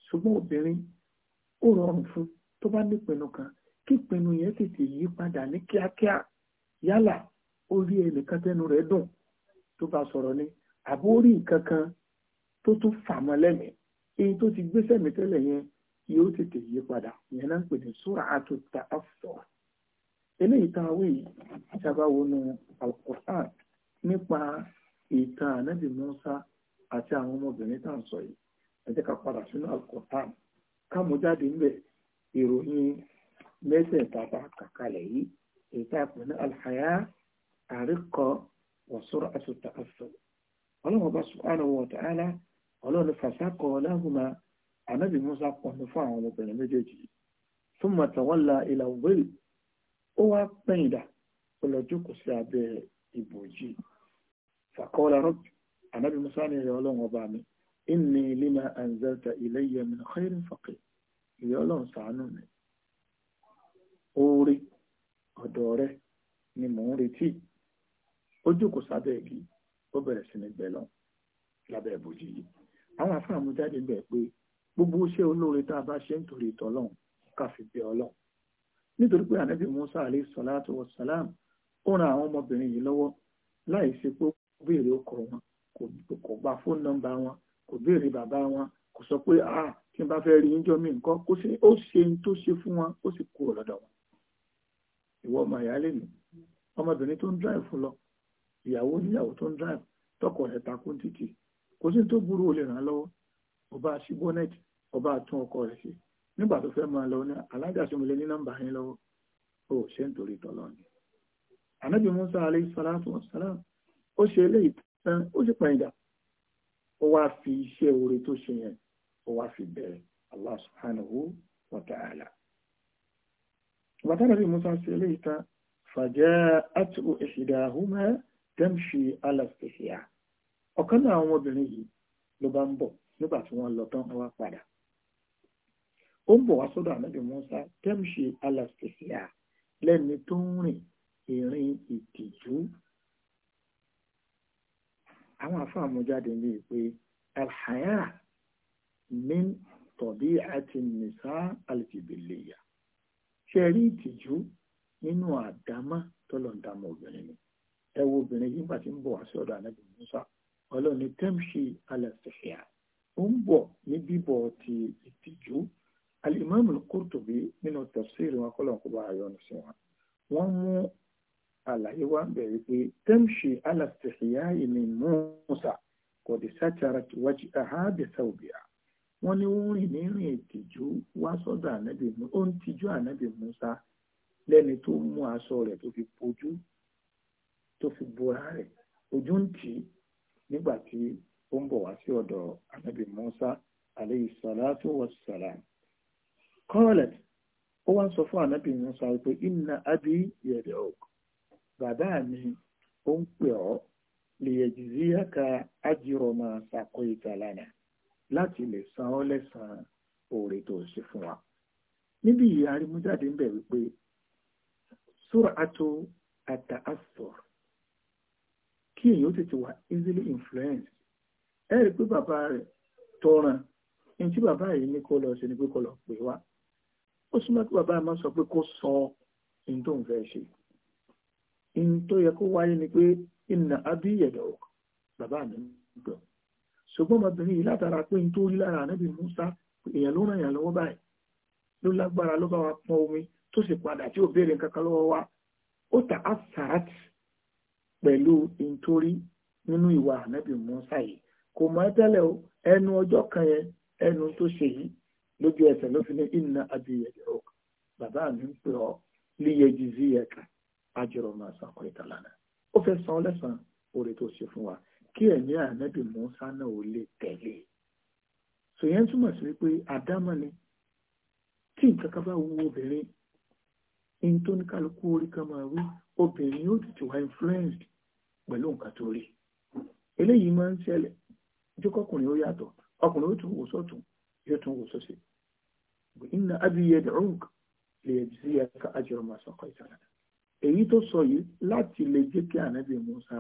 ṣùgbọ́n obìnrin ó rọrùn fún tó bá nípinnu kan kí ìpinnu yẹn tètè yí padà ní kíákíá yálà ó rí ẹnìkan tẹnu rẹ̀ dùn tó bá sọ̀rọ̀ ni àbó rí nǹkan kan tó tún fà mọ́ lẹ́mìí èyí tó ti gbé sẹ́mi tẹ́lẹ̀ yẹn yóò tètè yí padà ìyẹn náà ń pè ní súrà àtúntà àfọ̀rọ̀. eléyìí tá a wí ìṣàbáwo nu Al-Qur'an nípa ìtàn ànábì Musa àti àwọn ọmọbìnrin tá à ń sọ yìí ẹ jẹ́ ká padà sínú Al-Qur'an jáde ìròyìn mẹ́tẹ̀ẹ̀ta bá kàkálẹ̀ yìí a ní alhaya àríkọ wa sur'atu ta'assur ọlọ́run ọba subhanahu wa ta'ala ọlọ́run fàṣàkọ Musa pọ̀ ní fún àwọn ọmọbìnrin méjèèjì ó wá pẹ̀yìn dà ó lọ jókòó sí abẹ́ ìbòjì fàkọ́lá rọ́bì ànábì musa ní ìrẹ̀ ọlọ́run ọba mi inni lima anzalta ilayya min khairin faqir ìrẹ̀ ọlọ́run ṣàánú mi oore ọ̀dọ̀ rẹ ni mò ń retí ó sábẹ́ igi ó bẹ̀rẹ̀ sí ní gbẹ̀lọ́ lábẹ́ ìbòjì yìí àwọn àfáàmú jáde bẹ̀ pé gbogbo iṣẹ́ olóore tá a bá ṣe ń torí ìtọ́lọ́run ká fi bẹ ọlọ́run nítorí pé ànábì Musa alayhi salatu wa salam ó ran àwọn ọmọbìnrin yìí lọ́wọ́ láì ṣe pé kò béèrè ọkọ wọn kò gba fóònù nọ́mbà wọn kò béèrè bàbá wọn kò sọ pé a kí n bá fẹ́ rí yíjọ́ mi nǹkan kó ṣe ó ṣe ń tó ṣe fún wọn ó sì kú ọ̀lọ́dọ̀ wọn. ìwọ ọmọ ìyáálé mi ọmọbìnrin tó ń drive lọ ìyàwó níyàwó tó ń drive tọkọ rẹ̀ takún títì kò sí tó burú o ràn án lọ́wọ́ ọba sí ọba tún ọkọ rẹ̀ ṣe nígbà tó fẹ́ máa lọ ní alájàṣemọlẹ ní nọ́mbà yín lọ́wọ́ ó ṣe ń torí tọlọ ni ànábì musa alayhi salatu wassalam ó ṣe eléyìí tán ó ṣe pẹ̀yìndà ó wá fi iṣẹ́ oore tó ṣe yẹn ó wá fi bẹ̀rẹ̀ allah subhanahu wa ta'ala musa ṣe eléyìí tán faja'atu ihdahuma tamshi ala istihya ọ̀kan náà àwọn obìnrin yìí ló bá ń bọ̀ nígbà tí wọ́n lọ tán wá padà ó ń bọ̀ wá sọ́dọ̀ ànábì Musa tẹ́mṣe alàṣẹṣẹ́à lẹ́ni tó ń rìn ìrìn ìtìjú. àwọn afáàmújáde ń bíi pé alhaya min tọ̀bí àti nìsá alìjìbìlẹ̀yà ṣe rí ìtìjú nínú àdámá tọ́lọ̀ǹdàmọ̀ obìnrin ni ẹ wo obìnrin yìí nígbà tí ń bọ̀ wá sọ́dọ̀ ànábì Musa ọlọ́ni tẹ́mṣe alàṣẹṣẹ́à ó ń bọ̀ ní bíbọ̀ ti ìtìjú alimami Qurtubi من التفسير ما kọ́lọ̀ kó عيون ayọ́nu sí wọn يوان mú تمشي على bẹ̀rẹ̀ من موسى قد istihya'i min Musa qad satarat wajhaha bi thawbiha wọ́n ní ó rìn ní rìn ìtìjú wá sọ́dọ̀ ànábì Musa ó ń tijú ànábì Musa lẹ́ni tó mú aṣọ rẹ̀ tó fi bojú tó fi bora rẹ̀ ojú ń tì í nígbà tí ó ń bọ̀ wá sí ọ̀dọ̀ ànábì Musa alayhi salatu wassalam kọ́ọ̀lẹ̀ ó wá ń sọ inna abi yẹ̀dẹ̀ òk bàbá mi ó ń pè ọ́ aka ajra ma saqita lana láti lè san ọ́ lẹ́sàn-án oore tó ṣe fún wa. níbi ìyá arímújáde ń bẹ̀ wípé ato at-ta'assur kí èyí ó tètè wà easily influence ẹ rí pé bàbá rẹ̀ tọràn ní tí bàbá yìí ní ni pé kó lọ ó súnmọ́ kí bàbá àmọ́ sọ pé kó sọ ohun tó ń fẹ́ ṣe ohun tó wáyé ni pé ìnà abíyẹ̀dọ̀ bàbá mi gbọ́ ṣùgbọ́n ọmọbìnrin yìí látara pé ohun tó rí lára ànábì Musa èèyàn ló ràn yàn lọ́wọ́ báyìí ló lágbára ló bá wa pọn omi tó sì padà tí ò béèrè nǹkan lọ́wọ́ wa ó ta afsat pẹ̀lú ohun tó rí nínú Musa yìí kò tẹ́lẹ̀ o ẹnu ọjọ́ kan lójú ẹsẹ̀ ló fi ní inna abi yad'uka bàbá mi ń pè ọ́ liyajziyaka ajra ma saqaita lana ó fẹ́ san lẹ́sàn oore tó ṣe fún wa kí ẹ̀mí ànábì Mùsá náà ò lè tẹ̀lé sòyẹn túmọ̀ sí wípé àdámọ́ ni tí nǹkan kan bá obìnrin ní kálukú orí kan máa wí obìnrin yóò tètè wá influenced pẹ̀lú nǹkan tó rí eléyìí máa ń ṣẹlẹ̀ ó yàtọ̀ ọkùnrin ó tún wò sọ́tún yóò tún wò inna abi yad'uk liyajziyaka ajra ma saqayta lana èyí tó sọ yìí láti lè jẹ́ kí ànábì Musa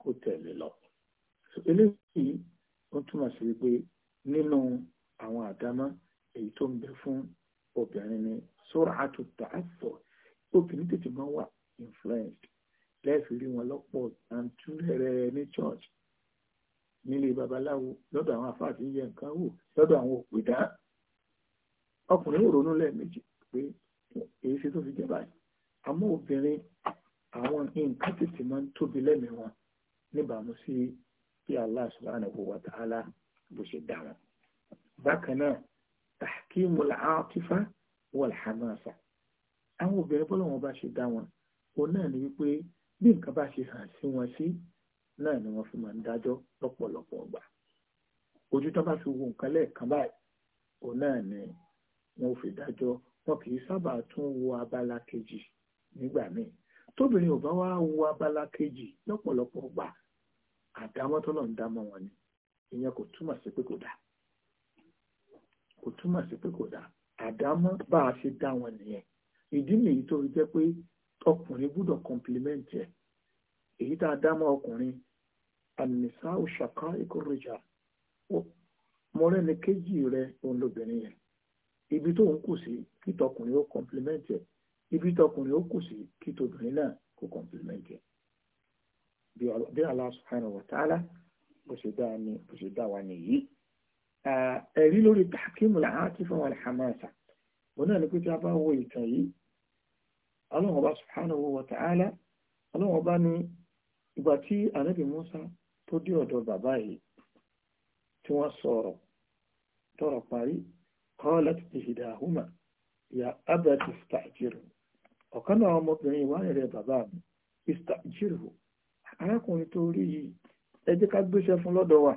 kó tẹ̀lé lọ àwọn àdámá èyí tó ń bẹ fún obìnrin ni sur'atu ta'affur obìnrin tètè máa wà influenced lẹ́ẹ̀fì rí wọn lọ́pọ̀ àǹtúrẹ́rẹ́ ní church nílé babaláwo lọ́dọ̀ àwọn afáàfin yẹ nǹkan wò lọ́dọ̀ àwọn òpìdá ọkùnrin yóò ronú lẹ́ẹ̀mejì pé èyí ṣe tó fi jẹ́ báyìí àmọ́ obìnrin àwọn nǹkan tètè máa ń tóbi lẹ́mìí wọn níbàámu sí bí Allah subhanahu wa ta'ala bó ṣe dá wọn. bákan náà tahkimu al-atifa wal-hamasa àwọn obìnrin bọ́lá wọn bá ṣe dá wọn òun náà ni wípé bí nǹkan bá ṣe hàn sí wọn sí náà ni wọ́n fi máa ń dájọ́ lọ́pọ̀lọpọ̀ ọgbà ojú tó bá fi wo nǹkan lẹ́ẹ̀kan báyìí òun náà ni wọn ò fi dájọ́ wọn kì í sábà tún wo abala kejì nígbà míì tóbìnrin ò bá wá wo abala kejì lọ́pọ̀lọpọ̀ gbà àdámọ́ tọ́lọ̀ ń dámọ́ wọn ni ìyẹn kò túmọ̀ sí pé kò dáa kò túmọ̀ sí pé kò dáa àdámọ́ bá a ṣe dá wọn nìyẹn ìdí nìyí tó fi jẹ́ pé ọkùnrin gbúdọ̀ kọ́ńpìlímẹ́ǹtì ẹ̀ èyí tá a dámọ́ ọkùnrin ànìsá òṣàkà ìkórèjà mọ́rẹ́ni kejì rẹ òun lóbìnrin yẹn ibi tó ń kù sí kí tọkùnrin ó complement ẹ̀ ibi tọkùnrin ó kù sí kí tobìnrin náà kó complement ẹ̀ bí Allah subhanahu wa ta'ala bó ṣe dá ni bó ṣe dá wa nìyí ẹ̀rí lórí tàkímù làátí fún wọn hamasa wọn náà ni pé tí a bá wo ìtàn yìí ọlọ́run ọba subhanahu wa ta'ala ọlọ́run ọba ní ìgbà tí anabi musa tó dé ọ̀dọ̀ bàbá yìí tí wọ́n sọ̀rọ̀ tọ̀rọ̀ parí قالت إحداهما يا أبت استأجره ọ̀kan náà ọmọbìnrin ìwà rẹ̀ bàbá mi ista'jirhu arákùnrin tó rí yìí ẹ jẹ́ ká gbéṣẹ́ fún lọ́dọ̀ wa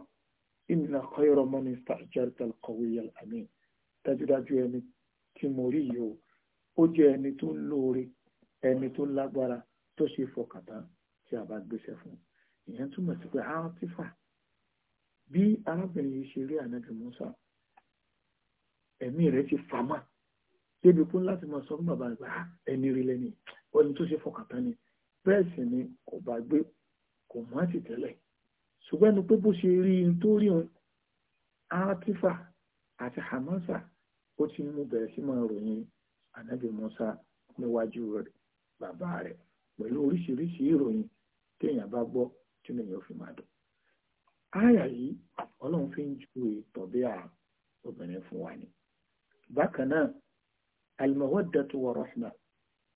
inna khayra man ista'jarta al-qawiyya al-amin dájúdájú ẹni tí mo rí yìí o ó jẹ́ ẹni tó lóore ẹni tó lágbára tó ṣe fọkàntán tí a bá gbéṣẹ́ fún ìyẹn túmọ̀ sí pé àwọn tífà bí arábìnrin yìí ṣe rí ànábì ẹ̀mí rẹ̀ ti fà má débi kún láti máa sọ fún bàbá rẹ̀ pé ah, ẹni rí lẹ́ni ọ̀ni tó ṣe fọkàn tán ni bẹ́ẹ̀ sì ni kò bá gbé kò mọ́ ti tẹ́lẹ̀ ṣùgbọ́n ẹni pé bó ṣe rí i tó rí òun átífà àti hamasa ó ti mú bẹ̀rẹ̀ sí máa ròyìn ànábì Musa níwájú rẹ̀ bàbá rẹ̀ pẹ̀lú oríṣiríṣi ìròyìn téèyàn bá gbọ́ tí ènìyàn fi máa dùn. Áyà yìí ọlọ́run fi ń ju ìtọ̀bí à obìnrin fún wa ni. bákan náà al-mawaddatu wa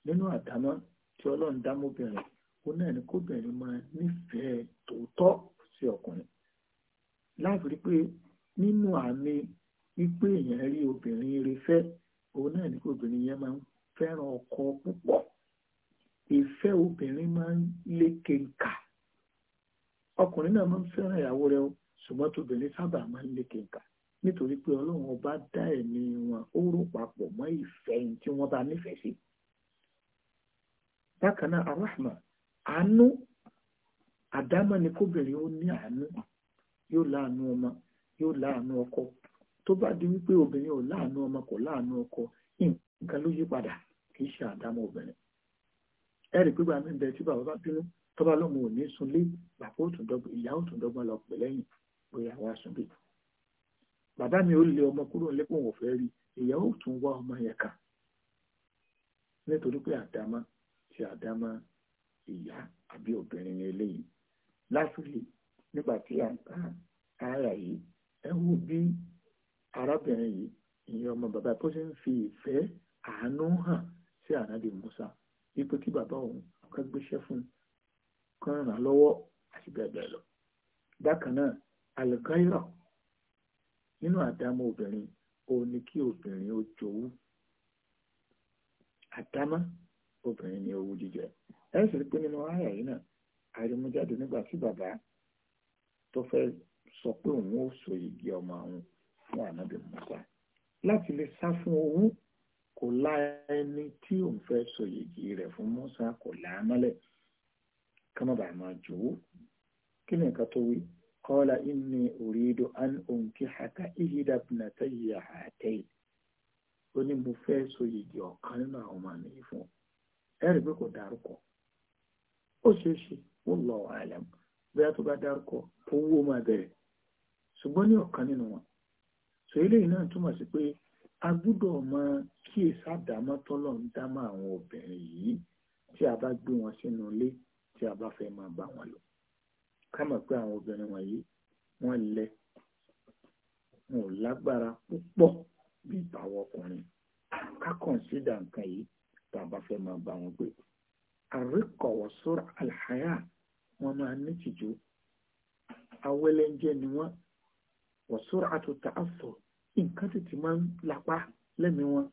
nínú àdámọ́ tí ọlọ́run dámọ́bìnrin ó náà ní kóbìnrin máa nífẹ̀ẹ́ tòótọ́ sí ọkùnrin pé nínú àmì wípé èèyàn rí obìnrin òun náà ní kóbìnrin ọkọ pụpọ ife obìnrin máa ń nkà ọkùnrin náà máa ń fẹ́ràn ìyàwó sábà máa ń nkà nítorí pé ọlọ́run ọba dá ẹ̀mí wọn ó rò papọ̀ mọ́ ìfẹ́ tí wọ́n bá nífẹ̀ẹ́ sí. bákan náà arahma àánú àdámọ́ ni kóbìnrin ó ní àánú yóò láàánú ọmọ yóò láàánú ọkọ tó bá di wípé obìnrin ò láàánú ọmọ kò láàánú ọkọ nǹkan ló yí padà kì í ṣe àdámọ́ obìnrin. ẹ rí pípa mi bẹ tí bàbá bá bínú tọ́ba lọ́mọ ò ní sunlé bàbá ìyá ò dọ́gbọ́n lọ pè bóyá wàá sunlé bàbá mi ò lé ọmọ kúrò nílé pòun ò fẹ́ rí ìyàwó tún wá ọmọ yẹn kà nítorí pé àdámá ti àdámá ìyá àbí obìnrin ni eléyìí lásìlè nígbà tí a ka ara yìí ẹ wo bí arábìnrin yìí ìyẹn ọmọ bàbá tó ṣe ń fi ìfẹ́ àánú hàn sí ànábì Musa wípé kí bàbá òun kan gbéṣẹ́ fún kan ràn án lọ́wọ́ àti bẹ́ẹ̀ bẹ́ẹ̀ lọ bákan náà alikaira nínú àdámọ́ obìnrin òun ni kí obìnrin ó jowú àdámọ́ obìnrin ni owú jíjẹ ẹ sì rí pé nínú àyà yìí náà àrímújáde nígbà tí bàbá tó fẹ́ sọ pé òun ó so igi ọmọ òun fún ànábì Musa láti lè sá fún owú kò lá ẹni tí òun fẹ́ so igi rẹ̀ fún Musa kò lá mọ́lẹ̀ kí wọ́n bàa máa jowú kí ni nǹkan tó wí قال إني أريد أن أنكحك إحدى ابنتي هاتين ó ní mo fẹ́ so yìgì ọ̀kan nínú àwọn ọmọ mi yìí fún ẹ rí pé kò dárúkọ ó ṣeé ṣe ó lọ àlẹm bóyá tó bá dárúkọ owó máa bẹ̀rẹ̀ ṣùgbọ́n ní ọ̀kan nínú wọn sọ eléyìí náà túmọ̀ sí pé a gbúdọ̀ kíyèsí àdámọ́ tọ́lọ̀ ń àwọn obìnrin yìí tí a bá gbé wọn sínú ilé a bá fẹ́ máa bá kama mọ̀ pé àwọn obìnrin wọ̀nyí wọ́n lẹ wọn ò lágbára púpọ̀ bí ìtàwọn ọkùnrin ká kọ̀ǹsídà nǹkan yìí tá a bá fẹ́ máa bá wọn gbé àríkọ̀wọ̀ sóra àlàyà wọn máa nítìjú awẹ́lẹ́njẹ́ ni wọ́n wọ̀ sóra àtúntà àfọ̀ nǹkan tètè máa ń lapá lẹ́mìí wọn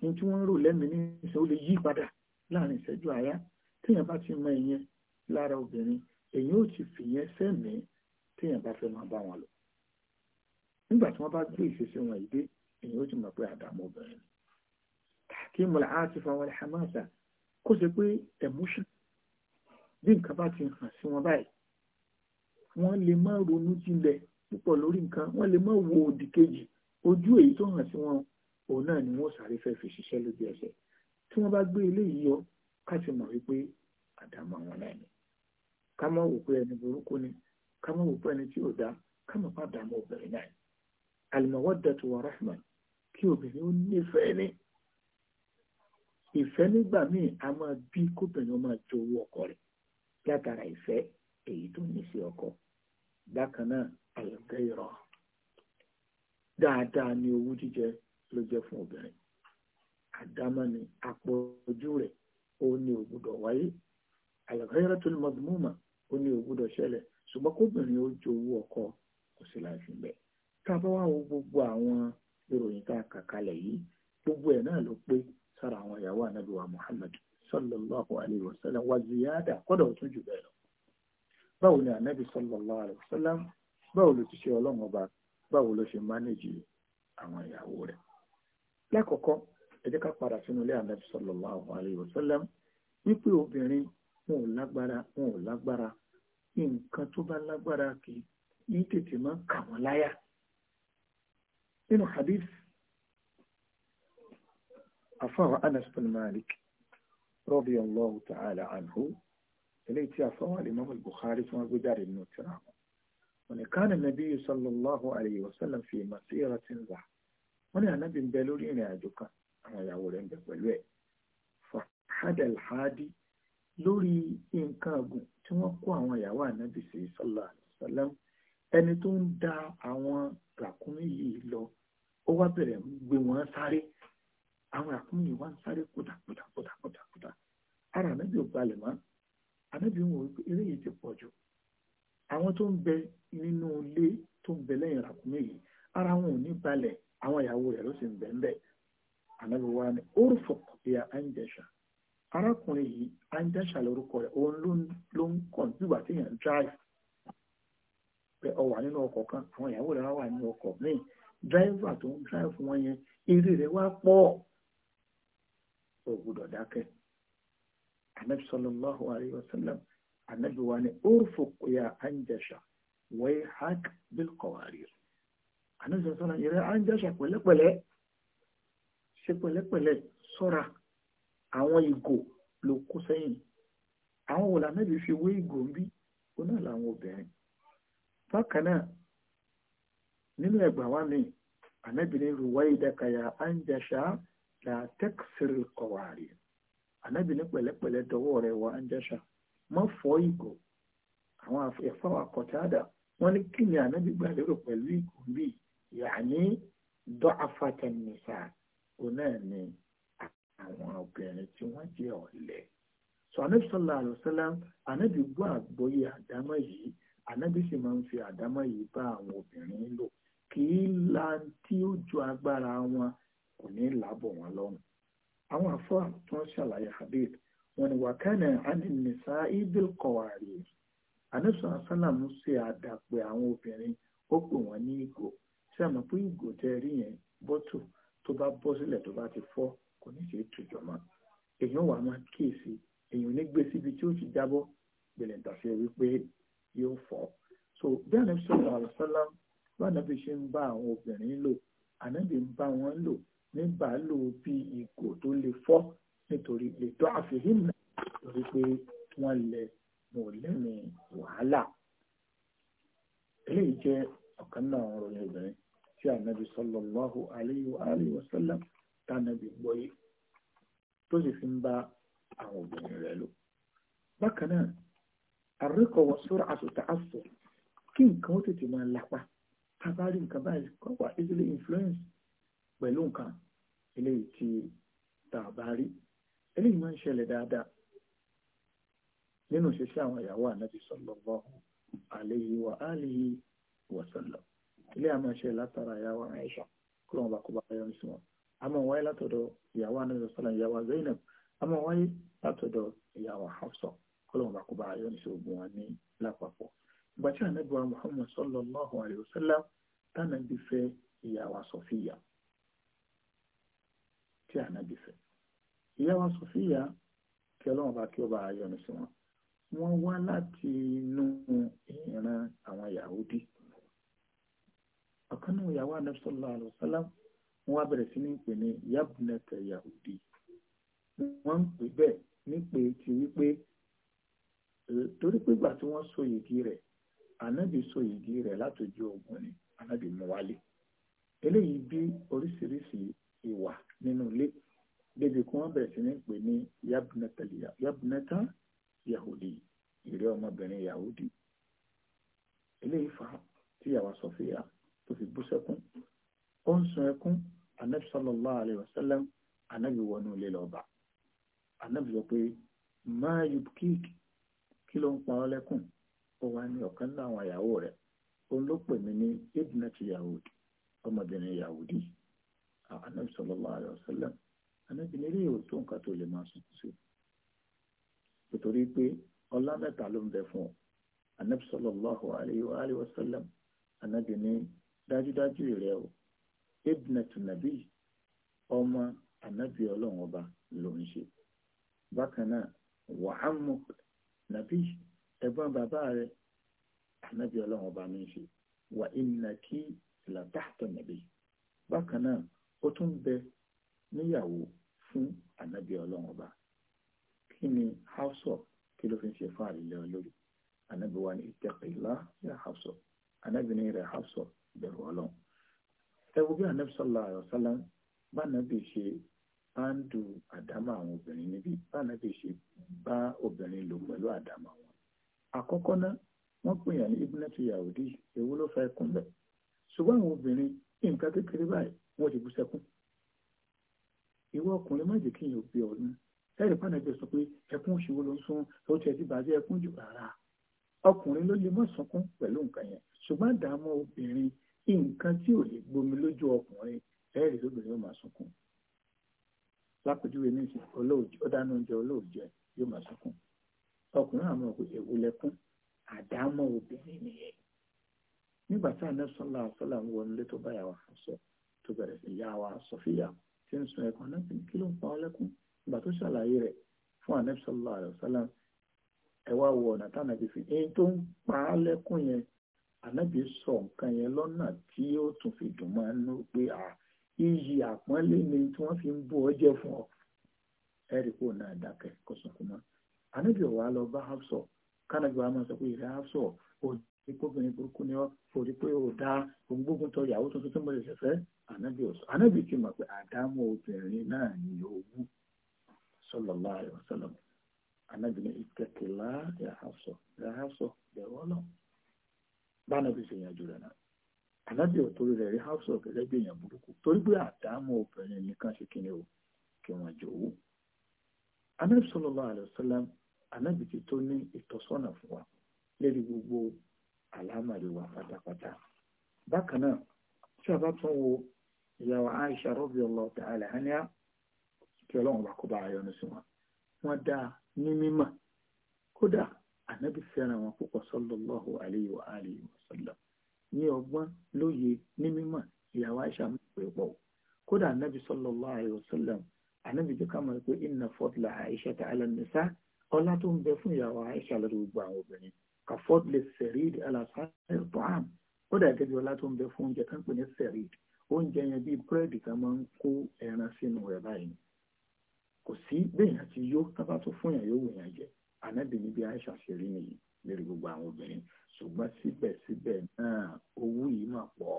ní tí wọ́n ń rò lẹ́mìí ní ìṣẹ́ ó lè yí padà láàrin ìṣẹ́jú àyá téèyàn bá ti mọ ìyẹn lára obìnrin èyí ò sì fìyẹn sẹ́mìí téèyàn bá fẹ́ máa bá wọn lò nígbà tí wọ́n bá gbé ìṣesí wọn yìí dé èyí ó ti mọ̀ pé àdàmú obìnrin ni kí mọ̀lá á ti fa wọlé hamasa kó ṣe pé emotion bí nǹkan bá ti hàn sí wọn báyìí wọ́n lè má ronú jinlẹ̀ púpọ̀ lórí nǹkan wọ́n lè má wo òdì kejì ojú èyí tó hàn sí wọn òun náà ni wọ́n sáré fẹ́ fi ṣiṣẹ́ lójú ẹsẹ̀ tí wọ́n bá gbé ilé yọ ká ti mọ̀ wípé àdàmú àwọn náà ni ká má wò pé ẹni burúkú ni ká má wò pé ẹni tí ò dá ká má má dààmú obìnrin náà al-mawaddatu wa rahma kí obìnrin ó nífẹ̀ẹ́ ní ìfẹ́ nígbà míì a máa bí kóbìnrin ó máa jẹ owó ọkọ rẹ̀ látara ìfẹ́ èyí tó ní sí ọkọ bákan náà al-ghayra dáadáa ni owó jíjẹ ló jẹ́ fún obìnrin àdámọ́ ni àpọ̀jù rẹ̀ ó ní ògbúdọ̀ wáyé al-ghairatul madmuma ó ní ó gbọ́dọ̀ ṣẹlẹ̀ ṣùgbọ́n kóbìnrin ó jowú ọkọ kò sí láìsí bẹ́ẹ̀ tá a bá wá wo gbogbo àwọn ìròyìn tá a kà kalẹ̀ yìí gbogbo ẹ̀ náà ló pé sára àwọn ìyàwó ànábì wa Muhammad sallallahu alayhi wa sallam wa ziyada kọ́dọ̀ ó tún jù bẹ́ẹ̀ lọ. báwo ni ànábì sallallahu alayhi wa sallam báwo ló ti ṣe ọlọ́run ọba báwo ló ṣe mánéjì àwọn ìyàwó rẹ̀. lákọ̀ọ́kọ́ ẹ jẹ́ ká padà sínú ilé ànábì sallallahu alayhi wa sallam wípé obìnrin wọn ò lágbára wọn ò lágbára nǹkan tó bá lágbára kì í tètè máa kà wọ́n láyà nínú hadith afáwọn Anas bin Malik radiyallahu ta'ala anhu eléyìí tí afáwọn alimam al-Bukhari tí wọ́n gbé jáde nínú tírà wọn wọ́n ní kánà nàbí sallallahu alayhi wa sallam fi masiratin zà wọ́n ní ànábì ń bẹ lórí ìrìn àjò kan àwọn ìyàwó rẹ̀ ń bẹ pẹ̀lú ẹ̀ fa hadal hadi lórí nǹkan ọ̀gùn tí wọ́n kó àwọn ìyàwó ànábì sí sọ́lá sọ́lá ẹni tó ń da àwọn ràkúnmí yìí lọ ó wá bẹ̀rẹ̀ gbé wọn sáré àwọn ràkúnmí yìí wá ń sáré kódàkódàkódàkódà ara ànábì ò balẹ̀ mọ́ ànábì ń wò wípé eré yìí ti pọ̀ jù àwọn tó ń bẹ nínú ilé tó ń bẹ lẹ́yìn ràkúnmí yìí ara wọn ò ní balẹ̀ àwọn ìyàwó rẹ̀ ló sì ń bẹ̀ ń bẹ̀ ànábì wa ni ó rò arákùnrin yìí andasha lórúkọ rẹ̀ òun ló ń kàn nígbà tí èèyàn drive pé ó wà nínú ọkọ̀ kan àwọn ìyàwó rẹ̀ wà nínú ọkọ̀ míì dráìvà tó ń dráìvù wọn yẹn eré rẹ̀ wá pọ̀ ó gbọ́dọ̀ dákẹ́ anabi sallallahu alayhi wa sallam anabi wa ni urfuq ya andasha hak bil qawarir anabi sallallahu alayhi wa sallam yẹrẹ andasha pẹ̀lẹ́pẹ̀lẹ́ ṣe pẹ̀lẹ́pẹ̀lẹ́ ṣọ́ra àwọn ìgò ló kó sẹ́yìn àwọn wò lànàbí fi wé ìgò ń bí ó náà làwọn obìnrin bákan náà nínú ẹgbà wa mi anábìnrin ruwaidaka ya anjasha la tẹ́kisiri kọ̀wárì anábìnrin pẹ̀lẹ́pẹ̀lẹ́ dọwọ́ rẹ̀ wá anjasha má fọ́ ìgò àwọn ẹ̀fọ́ àkọ́tàdà wọ́n ní kí ni anábì gbà lérò pẹ̀lú ìgò ń bí yàní dọ́ afátẹ́nisà ó náà ní àwọn obìnrin tí wọ́n jẹ́ ọ̀lẹ. sọ anábì sallallahu alaihi wasallam anábì gbọ́ àgbọ́yé àdámọ́ yìí anábì sì máa ń fi àdámọ́ yìí bá àwọn obìnrin lò kì í la tí ó ju agbára wọn kò ní làbọ̀ wọn lọ́rùn. àwọn àfọ́ tó ń ṣàlàyé hadith wọn ni wàkánà àdìnnìsá ibil kọ̀wárì anábì sallallahu alaihi wasallam ṣe àdàpẹ̀ àwọn obìnrin ó pè wọ́n ní ìgò ṣé àmọ́ pé ìgò tẹ́ rí yẹn bọ́tù tó bá bọ́ sílẹ̀ tó bá ti fọ́ kò ní ṣe é tùjọ mọ́ èèyàn wà máa kíyèsí èèyàn ní gbé síbi tí ó ti jábọ́ gbèlè tàṣẹ wípé yóò fọ́ so bí ànábì sọ̀rọ̀ àlùsọ́lá bí ànábì ṣe ń bá àwọn obìnrin lò ànábì ń bá wọn lò ní bàálù bí ìgò tó lè fọ́ nítorí ètò àfihàn torí pé wọ́n lẹ wọn ò lẹ́mìí wàhálà eléyìí jẹ́ ọ̀kan náà àwọn ọ̀rọ̀ obìnrin tí ànábì sallallahu alayhi wa sallam tánàbí gbọ́yé tó sì fi ń bá àwọn obìnrin rẹ̀ lò. bákan náà àríkọ̀ wọ sọ́rọ̀ àtúntà àfọ̀ kí nǹkan ó tètè máa lápá tá a bá rí nǹkan báyìí kọ́ wà easily influence pẹ̀lú nǹkan eléyìí tí tá a bá rí eléyìí máa ń ṣẹlẹ̀ dáadáa nínú ṣiṣẹ́ àwọn ìyàwó ànábì sallallahu alayhi wa alihi wa sallam ilé àmọ́ ṣe látara ìyàwó Àìṣà kúrò wọn bá kó bá yọ ní sí wọn a máa wáyé látọ̀dọ̀ ìyàwó anábì sọ́lá ìyàwó Zainab a máa wáyé látọ̀dọ̀ ìyàwó Hafsa kọ́lọ́mù àkóbá ayọ́ ní ṣoògùn wọn ní lápapọ̀ ìgbà tí anábì wa Muhammad sallallahu alayhi wa sallam tánàbí fẹ́ ìyàwó Sofiya tí anábì fẹ́ ìyàwó Sofiya kí ọlọ́run bá kí ọba ayọ́ ní sí wọ́n wá láti inú ìran àwọn Yahudi ọ̀kan náà ìyàwó anábì wọ́n wá bẹ̀rẹ̀ sí ní pè ní yabnata yahudi wọ́n ń pè bẹ́ẹ̀ nípe ti wípé torí pé ìgbà tí wọ́n so yìgì rẹ̀ ànábì so yìgì rẹ̀ látòjú ogun ni ànábì mú wálé eléyìí bí oríṣiríṣi ìwà nínú ilé débi kí wọ́n bẹ̀rẹ̀ sí ní pè ní yabnata yahudi ìrẹ́ ọmọbìnrin yahudi eléyìí fa tíyàwó sọfíà tó fi bú sẹ́kún ó ń sun ẹkún anabi sallallahu alayhi wa sallam anabi wọnú ilé lọ́ba anabi sọ pé máa yubkik kí ló ń pa ọ́ lẹ́kùn ó wá ní ọ̀kan náà àwọn ìyàwó rẹ̀ òun ló pè mí ní ibnati yahudi ọmọbìnrin yahudi anabi sallallahu alayhi wa sallam anabi ní ilé ìwò nǹkan tó lè máa sùn sí nítorí pé ọlá mẹ́ta ló ń bẹ fún ọ anabi sallallahu alayhi wa sallam anabi ní dájúdájú rẹ o ibnatu nabi ọmọ anabi ọlọ́run ọba ló ń ṣe bákan náà wàhámù nabi ẹ̀gbọ́n bàbá rẹ̀ anabi ọlọ́run ọba ló ń ṣe wà ìnàkí làtàtọ̀ nabi bákan náà ó tún bẹ níyàwó fún anabi ọlọ́run ọba kí ni hausa kí ló fi ń ṣe fún àlìlẹ́ olórí anabi wa ni ittaqillah ya hausa anabi ní rẹ̀ hausa bẹ̀rù ọlọ́run ẹ wo bí anabi sallallahu alaihi wasallam bá anabi ṣe bá ń du àdámọ̀ àwọn obìnrin níbi bá anabi ṣe bá obìnrin lò pẹ̀lú àdámọ̀ wọn. àkọ́kọ́ náà wọ́n pè yàn ní ibùnẹ́tù yahudi èwo ló fẹ́ kún bẹ́ẹ̀ ṣùgbọ́n àwọn obìnrin nǹkan kékeré báyìí wọ́n ti bú sẹ́kún. ìwọ ọkùnrin má jẹ́ kí èèyàn bí ọdún ẹ̀rì pàdánù sọ pé ẹkún òṣìwò ló ń sún ó ti ẹtí bàjẹ́ ẹkún jù rárá ọkùnrin ló lè mọ̀ sọkún pẹ̀lú nǹkan yẹn ṣùgbọ́n àdámọ̀ obìnrin nǹkan tí ò lè gbomi lójú ọkùnrin ẹ̀rí lóbìnrin yóò máa sunkún lápèjúwe méjì ó dáná oúnjẹ olóòjẹ yóò máa sunkún ọkùnrin àmọ́ kò èwo lẹ́kún àdámọ́ obìnrin nìyẹn nígbà tí àná sọlá sọlá ń wọnú lé tó báyà wà sọ tó bẹ̀rẹ̀ sí yá wa sọfíà tí ń sun ẹ̀kan náà kí ló ń pa ọ lẹ́kún ìgbà tó ṣàlàyé rẹ̀ fún àná sọlá sọlá ẹ wá wọ ọ̀nà tánàbí fi èyí tó ń pa á lẹ́kún yẹn ànábì sọ nǹkan yẹn lọ́nà tí ó tún fi dùn máa apanle pé à iyì àpọ́nlé ni tí wọ́n fi ń bú ọ jẹ́ fún ọ ẹ̀rí kò náà dákẹ́ kó sunkún mọ́ ànábì wàá lọ bá máa sọ pé ìrẹ́ Hafsọ ò ní kóbìnrin burúkú ni ọ kò pé ò dáa ògbógun tọ ìyàwó tuntun tó ń bọ̀lẹ̀ ṣẹ̀fẹ́ ti mọ̀ pé àdámọ̀ obìnrin náà ni ní bánàbí ṣe yànjú rẹ̀ náà ànábì òtórí rẹ̀ rí house of gẹ́gẹ́ bí èèyàn burúkú torí pé àdámọ̀ obìnrin nìkan ṣe kíni o kí wọ́n jò ó. ànábì sallallahu alaihi wasallam ànábì ti tó ní ìtọ́sọ́nà fún wa lérí gbogbo àlámàrí wa pátápátá. bákan náà tí a bá tún wo ìyàwó Aisha radiyallahu ta'ala anha kí ọlọ́run bá kó bá ayọ́nu sí wọn wọ́n dá ní mímọ̀ kódà ànábì fẹ́ràn wọn púpọ̀ sallallahu alayhi wa alihi wa sallam ní ọgbọ́n lóye ní mímọ̀ ìyàwó Aisha ń pè pọ̀ kódà ànábì sallallahu alayhi wa sallam ànábì jẹ́ ká mọ̀ pé inna fadla Aisha ala nisa ọlá tó ń bẹ fún ìyàwó Aisha lórí gbogbo àwọn obìnrin ka fadli sẹ̀ríd ala sa'ir ta'am kódà gẹ́gẹ́ ànábì níbi Aisha ṣe rí nìyí lórí gbogbo àwọn obìnrin ṣùgbọ́n síbẹ̀síbẹ̀ náà owó yìí mà pọ̀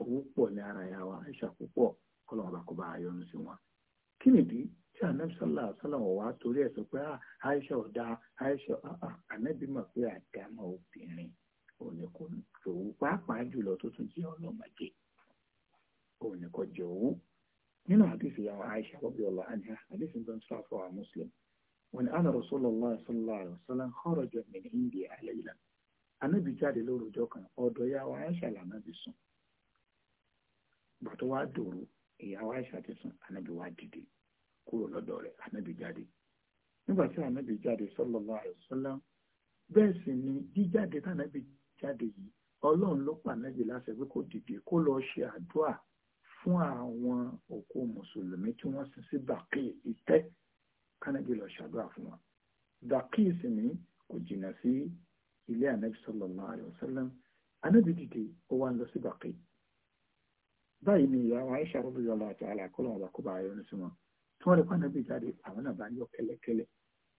owó pọ̀ ní ara ya wa Aisha púpọ̀ kọ́lọ́wọ́n bá kó bá ayọ́nu sí wọn. kí nìdí tí ànábì sọ́lá sọ́lá wọ̀ wá torí ẹ̀ sọ pé ah, Aisha ọ̀dà Aisha ah, ah. ànábì mọ̀ pé àdámọ̀ obìnrin òní kò jòwó pàápàá jùlọ tó tún jẹ́ ọlọ́mọdé òní kò jòwó nínú àdìsí àwọn Aisha bọ́bí ọ̀la àdìsí tó ń sọ àfọwà Muslim وأن رسول الله صلى الله عليه وسلم خرج من عندي ليلا Ànábì jáde lóru ọjọ́ kan ọ̀dọ̀ ìyàwó Aisha lànàbì sùn bàtọ́ wa dòru ìyàwó Aisha ti sùn Ànábì wa dìde kúrò lọ́dọ̀ rẹ̀ Ànábì jáde nígbà tí Ànábì jáde sallallahu alaihi wasallam bẹ́ẹ̀ sì ni jíjáde tànàbì jáde yìí Ọlọ́run ló pa Ànábì láṣẹ pé kó dìde kó lọ ṣe àdúrà fún àwọn òkú mùsùlùmí tí wọ́n sin sí bàkì ìtẹ́ kánábì lọ ṣàdúrà fún wa dakis ni kò jìnnà sí ilé anabi sallallahu alayhi wa sallam anabi dìde ó wá ń lọ sí bàkì báyìí ni ìyá wa aisha radiyallahu ta'ala kọlọ wọn bá kó bá ayọ ní sùnmọ tí wọn lè kó anabi jáde àwọn náà bá yọ kẹlẹkẹlẹ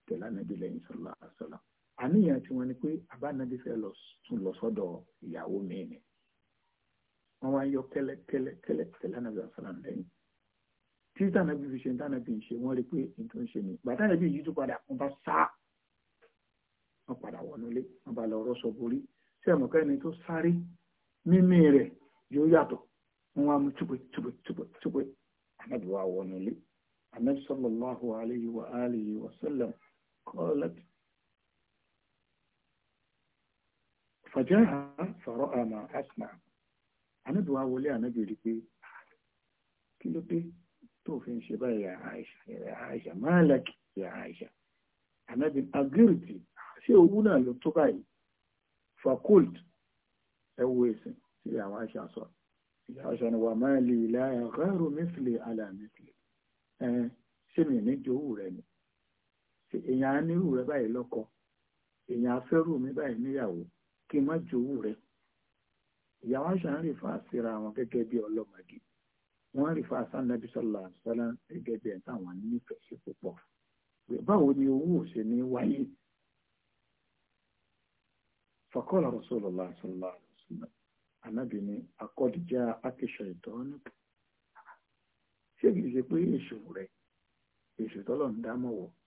tẹlẹ anabi lẹ́yìn sallallahu alayhi wa sallam àníyàn tí wọn ni pé àbá anabi fẹ́ lọ tún lọ sọ́dọ̀ ìyàwó mi ni wọn wá yọ kẹlẹkẹlẹ tẹlẹ anabi sallallahu alayhi títí tànàbí fi ṣe tànàbí ń ṣe wọ́n rí pé nǹkan ṣe ni bàtà nàbí yìí tún padà wọ́n bá sá wọ́n padà wọnú ilé wọ́n bá lọ rọ́ṣọ borí sí ẹ̀mọ̀kẹ́ni tó sáré mímí rẹ̀ yóò yàtọ̀ wọ́n wá mú túpẹ́ túpẹ́ túpẹ́ túpẹ́ ànábì wa wọnú ilé ànábì sallallahu alayhi wa alihi wa sallam qalat fajaha fara'a ma asma ànábì wa wọlé ànábì rí pé ah, kí ló dé tó fi ń ṣe báyìí ya Aisha ya Aisha máàlẹ́kì ya Aisha anabi agiriti ṣé owó náà ló tó báyìí fakult ẹwọ ẹsìn sí àwọn Aisha sọ ìyá Aisha ni wà máa lè láyà rẹ́rù mẹ́fìlẹ̀ alàmẹ́fìlẹ̀ ẹ̀ ṣé mi ní jowú rẹ ni èèyàn á nírú rẹ báyìí lọ́kọ èèyàn á mi báyìí níyàwó kí n má jowú rẹ ìyàwó Aisha ń rìn fún àṣírà wọn gẹ́gẹ́ bí wọ́n rí fàṣà nàbí sọ̀lá sọ́lá gẹ́gẹ́ bí ẹ̀ta táwọn nífẹ̀ẹ́ sí púpọ̀ báwo ni owó ṣe ní wáyé faqala rasulullah sallallahu alaihi anábì ní akọ́dìjà akéṣọ ìtọ́nù ṣé kìí ṣe pé èṣù rẹ èṣù tọ́lọ̀ ń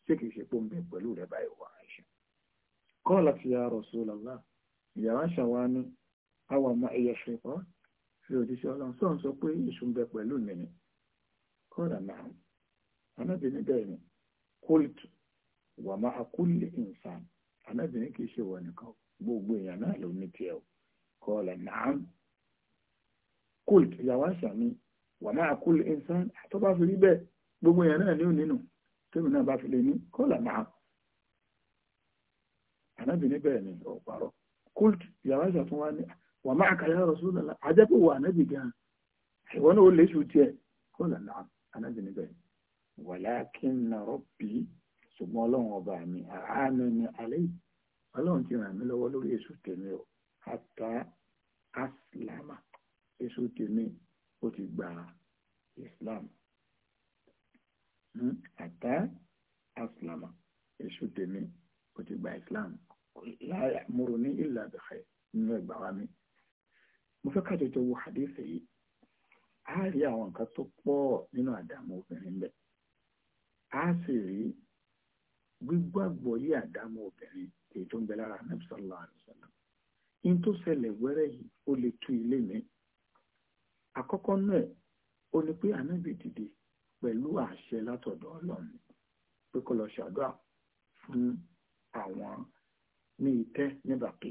ṣé kìí ṣe pé ń bẹ pẹ̀lú rẹ báyìí ẹ̀yà ṣe pọ́n rí òjíṣẹ́ ọlọ́run sọ́run sọ pé èṣù ń bẹ pẹ̀lú mi ni kọ́ra náà anábìnrin bẹ́ẹ̀ ni kóòtù wà máa kúlé nǹkan anábìnrin kì í ṣe wọ nìkan gbogbo èèyàn náà ló ní tiẹ̀ o kọ́ra náà kóòtù ìyàwó àṣà mi wà máa kúlé nǹkan tó bá fi rí bẹ́ẹ̀ gbogbo èèyàn náà ní ò nínú tóbi náà bá fi lè ní kọ́ra náà anábìnrin bẹ́ẹ̀ ni ọ̀pọ̀ àrọ̀ kóòtù ìyàwó àṣà tún wá ní wà máa kà yá Rasulullah àjẹpọ̀ wà ànábì gan ìwọ náà ó lè ṣù tiẹ̀ kó là náà ànábì níbẹ̀ walakinna rabbi ṣùgbọ́n ọlọ́run ọba mi àánú ni alẹ́ ọlọ́run ti ràn mí lọ́wọ́ lórí èṣù tèmi o hatta aslama èṣù tèmi ó ti gba islam hmm? hatta aslama èṣù tèmi ó ti gba islam la ya'muruni illa bi khair nínú ẹgbàá wa mi mo fẹ́ ká jọjọ wo hadith yìí a rí àwọn nǹkan tó pọ̀ nínú àdámọ́ obìnrin bẹ́ẹ̀ a sì rí gbígbàgbọ́ yí àdámọ́ obìnrin èyí tó ń bẹ lára Ànábì sallallahu alaihi wasallam in tó ṣẹlẹ̀ wẹ́rẹ́ yìí ó lè tú ilé mi àkọ́kọ́ náà ó ní pé Ànábì dìde pẹ̀lú àṣẹ látọ̀dọ̀ Ọlọ́run pé kó lọ ṣàdúrà fún àwọn ní ìtẹ́ níbàkí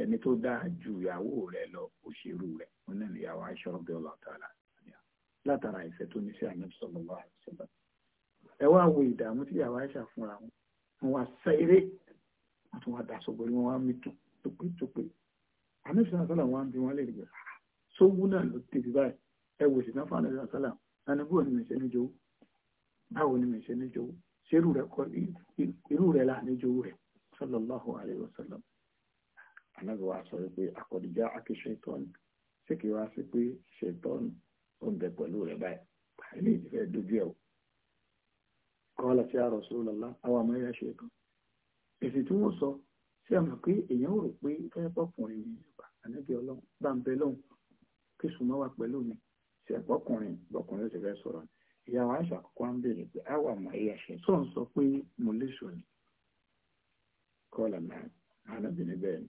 ẹni tó dáa ju ìyàwó rẹ lọ ó ṣerú rẹ wọn náà níyàwó aṣọ ọgbẹ ọlọtàlá látara ìfẹ́ tó ní sí àmì sọlọlọ àìsọlọ ẹ wá wo ìdààmú tí ìyàwó aṣà fúnra wọn wọn wá sẹ eré wọn tún wá daṣọ borí wọn wá mi tún tópétópé àmì sọlọ wọn bí wọn lè rí bẹ́ẹ̀ sówú náà ló tẹbi báyìí ẹ wò sí fún àmì sọlọ àni bó ni mi ṣe ní jowó báwo ni mi ṣe ní jowó ṣerú rẹ kọ irú rẹ là ní jowó rẹ sọlọlọ àìsọlọ anábì wa sọ wípé àkọ́díjà akéṣe ìtọ́ni ṣé kí wá sí pé ṣe ìtọ́ni ó ń bẹ pẹ̀lú rẹ̀ báyìí ilé ìfẹ́ dojú ẹ̀ o kọ́lá sí Rasulullah àwọn àmọ́ ẹ̀yà ṣe tán èsì tí wọ́n sọ sí àmọ́ pé èèyàn rò pé fẹ́ẹ́ bọ́kùnrin ní ìgbà ànábì ọlọ́run bá ń bẹ lọ́hùn kí sùnmọ́ wà pẹ̀lú mi ṣe bọ́kùnrin bọ́kùnrin ó ti fẹ́ sọ̀rọ̀ ni ìyàwó àṣà àkọ́kọ́ ń bèèrè pé àwọn àmọ́ ẹ̀yà ṣe sọ pé mo lè sọ ni kọ́lá náà ànábì ní bẹ́ẹ̀ ni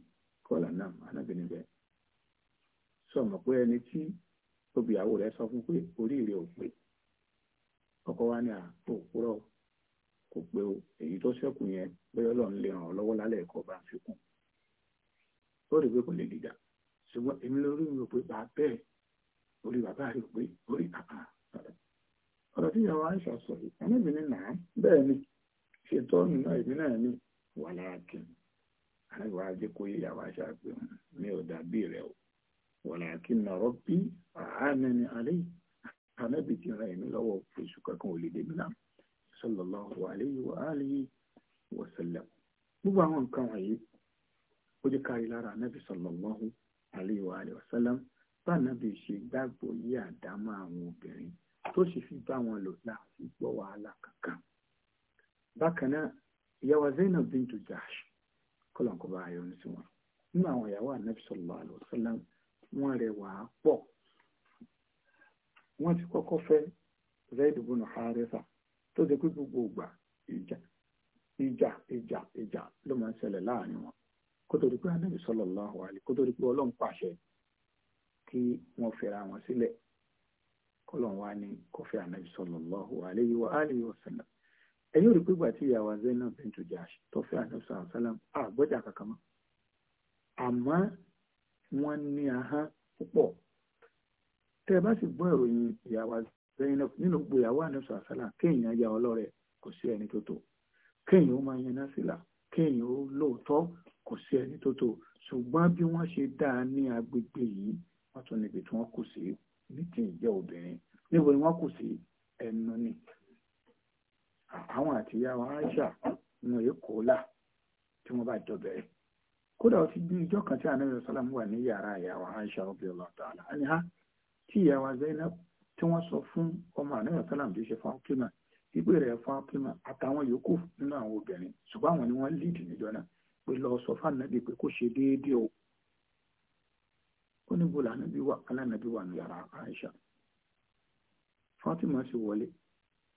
kọlà náà ànábì níbẹ̀ sọmọ pé ẹni tí obìyàwó rẹ̀ sọ fún pé orí rẹ̀ ò pé ọkọ wa ní àpò òpúrọ kò pé o èyí tó ṣẹ́kù yẹn bóyá Ọlọ́run lè ràn ọ́ lọ́wọ́ lálẹ́ ẹ̀kọ́ bá ń fikún ó rí pé kò lè dìjà ṣùgbọ́n èmi lórí mi ò pé bàá bẹ́ẹ̀ orí bàbá rẹ̀ pé orí bàbá ọ̀rọ̀ tí ìyàwó àìsàn sọ yìí ànábì ní nàá bẹ́ẹ̀ ni ṣètọ́ ọ̀nà ìbí náà ní wàhálà kìnnì àìwá ajé kó yé yàwá ṣáàpé mi ò dàbí rẹ o wọ̀nà kí n nọ̀rọ̀ bí àmẹ́ni alẹ́ ànábì ti ràn mí lọ́wọ́ oṣù kankan ò lè dèmi náà sallallahu alayhi wa alihi wa sallam gbogbo àwọn nǹkan wọ̀nyí ó jẹ́ kárí lára ànábì sallallahu alayhi wa alihi wa sallam bá ànábì ṣe gbàgbọ́ yí àdámọ́ àwọn obìnrin tó sì fi bá wọn lò láti gbọ́ wàhálà kankan bákan náà ìyàwó Zainab bintu Jahsh kọ́lọ̀ kó bá yọnu sí wọn nínú àwọn ìyàwó ànábì sallallahu alaihi wasallam wọ́n rẹwà pọ̀ wọ́n ti kọ́kọ́ fẹ́ Zaid ibn Haritha tó ti pé gbogbo ìgbà ìjà ìjà ìjà ìjà ló máa ń ṣẹlẹ̀ láàrin wọn kó tó di pé ànábì sallallahu alaihi kó tó di pé ọlọ́run pàṣẹ kí wọ́n fẹ́ra wọn sílẹ̀ kọ́lọ̀ wa ni kó fẹ́ ànábì sallallahu alaihi wa alihi wa sallam ẹ̀yin ò rí pé gbàtí ìyàwó Zainab bintu Jahsh tó fẹ́ àdọ́sọ àṣálàm àgbọ́jà kankan mọ́ àmọ́ wọ́n ní ahán púpọ̀ tẹ́ ẹ bá sì gbọ́ ìròyìn ìyàwó Zainab nínú gbogbo ìyàwó àdọ́sọ àṣálàm kéèyàn ya ọlọ́rẹ̀ kò sí ẹni tó tó kéèyàn ó máa yan násìlà kéèyàn ó lóòótọ́ kò sí ẹni tó tó ṣùgbọ́n bí wọ́n ṣe dáa ní agbègbè yìí wọ́n tún níbi tí wọ́n kù sí ní àwọn àtìyá wa Aisha wọn yóò kó là tí wọ́n bá jọ bẹ̀rẹ̀ kódà ó ti di ijọ́ kan tí anabi sọlá wà ní yàrá ìyàwó Aisha radiyallahu ta'ala anha tí ìyàwó Zainab tí wọ́n sọ fún ọmọ anabi sọlá tí ṣe Fatima ìgbé rẹ̀ Fatima àtàwọn yòókù nínú àwọn obìnrin ṣùgbọ́n àwọn ni wọ́n líìdì níjọ náà pé lọ sọ fún anabi pé kó ṣe déédéé o ó ní bó lànàbí wà alánàbí wà ní yàrá Aisha Fatima sì wọlé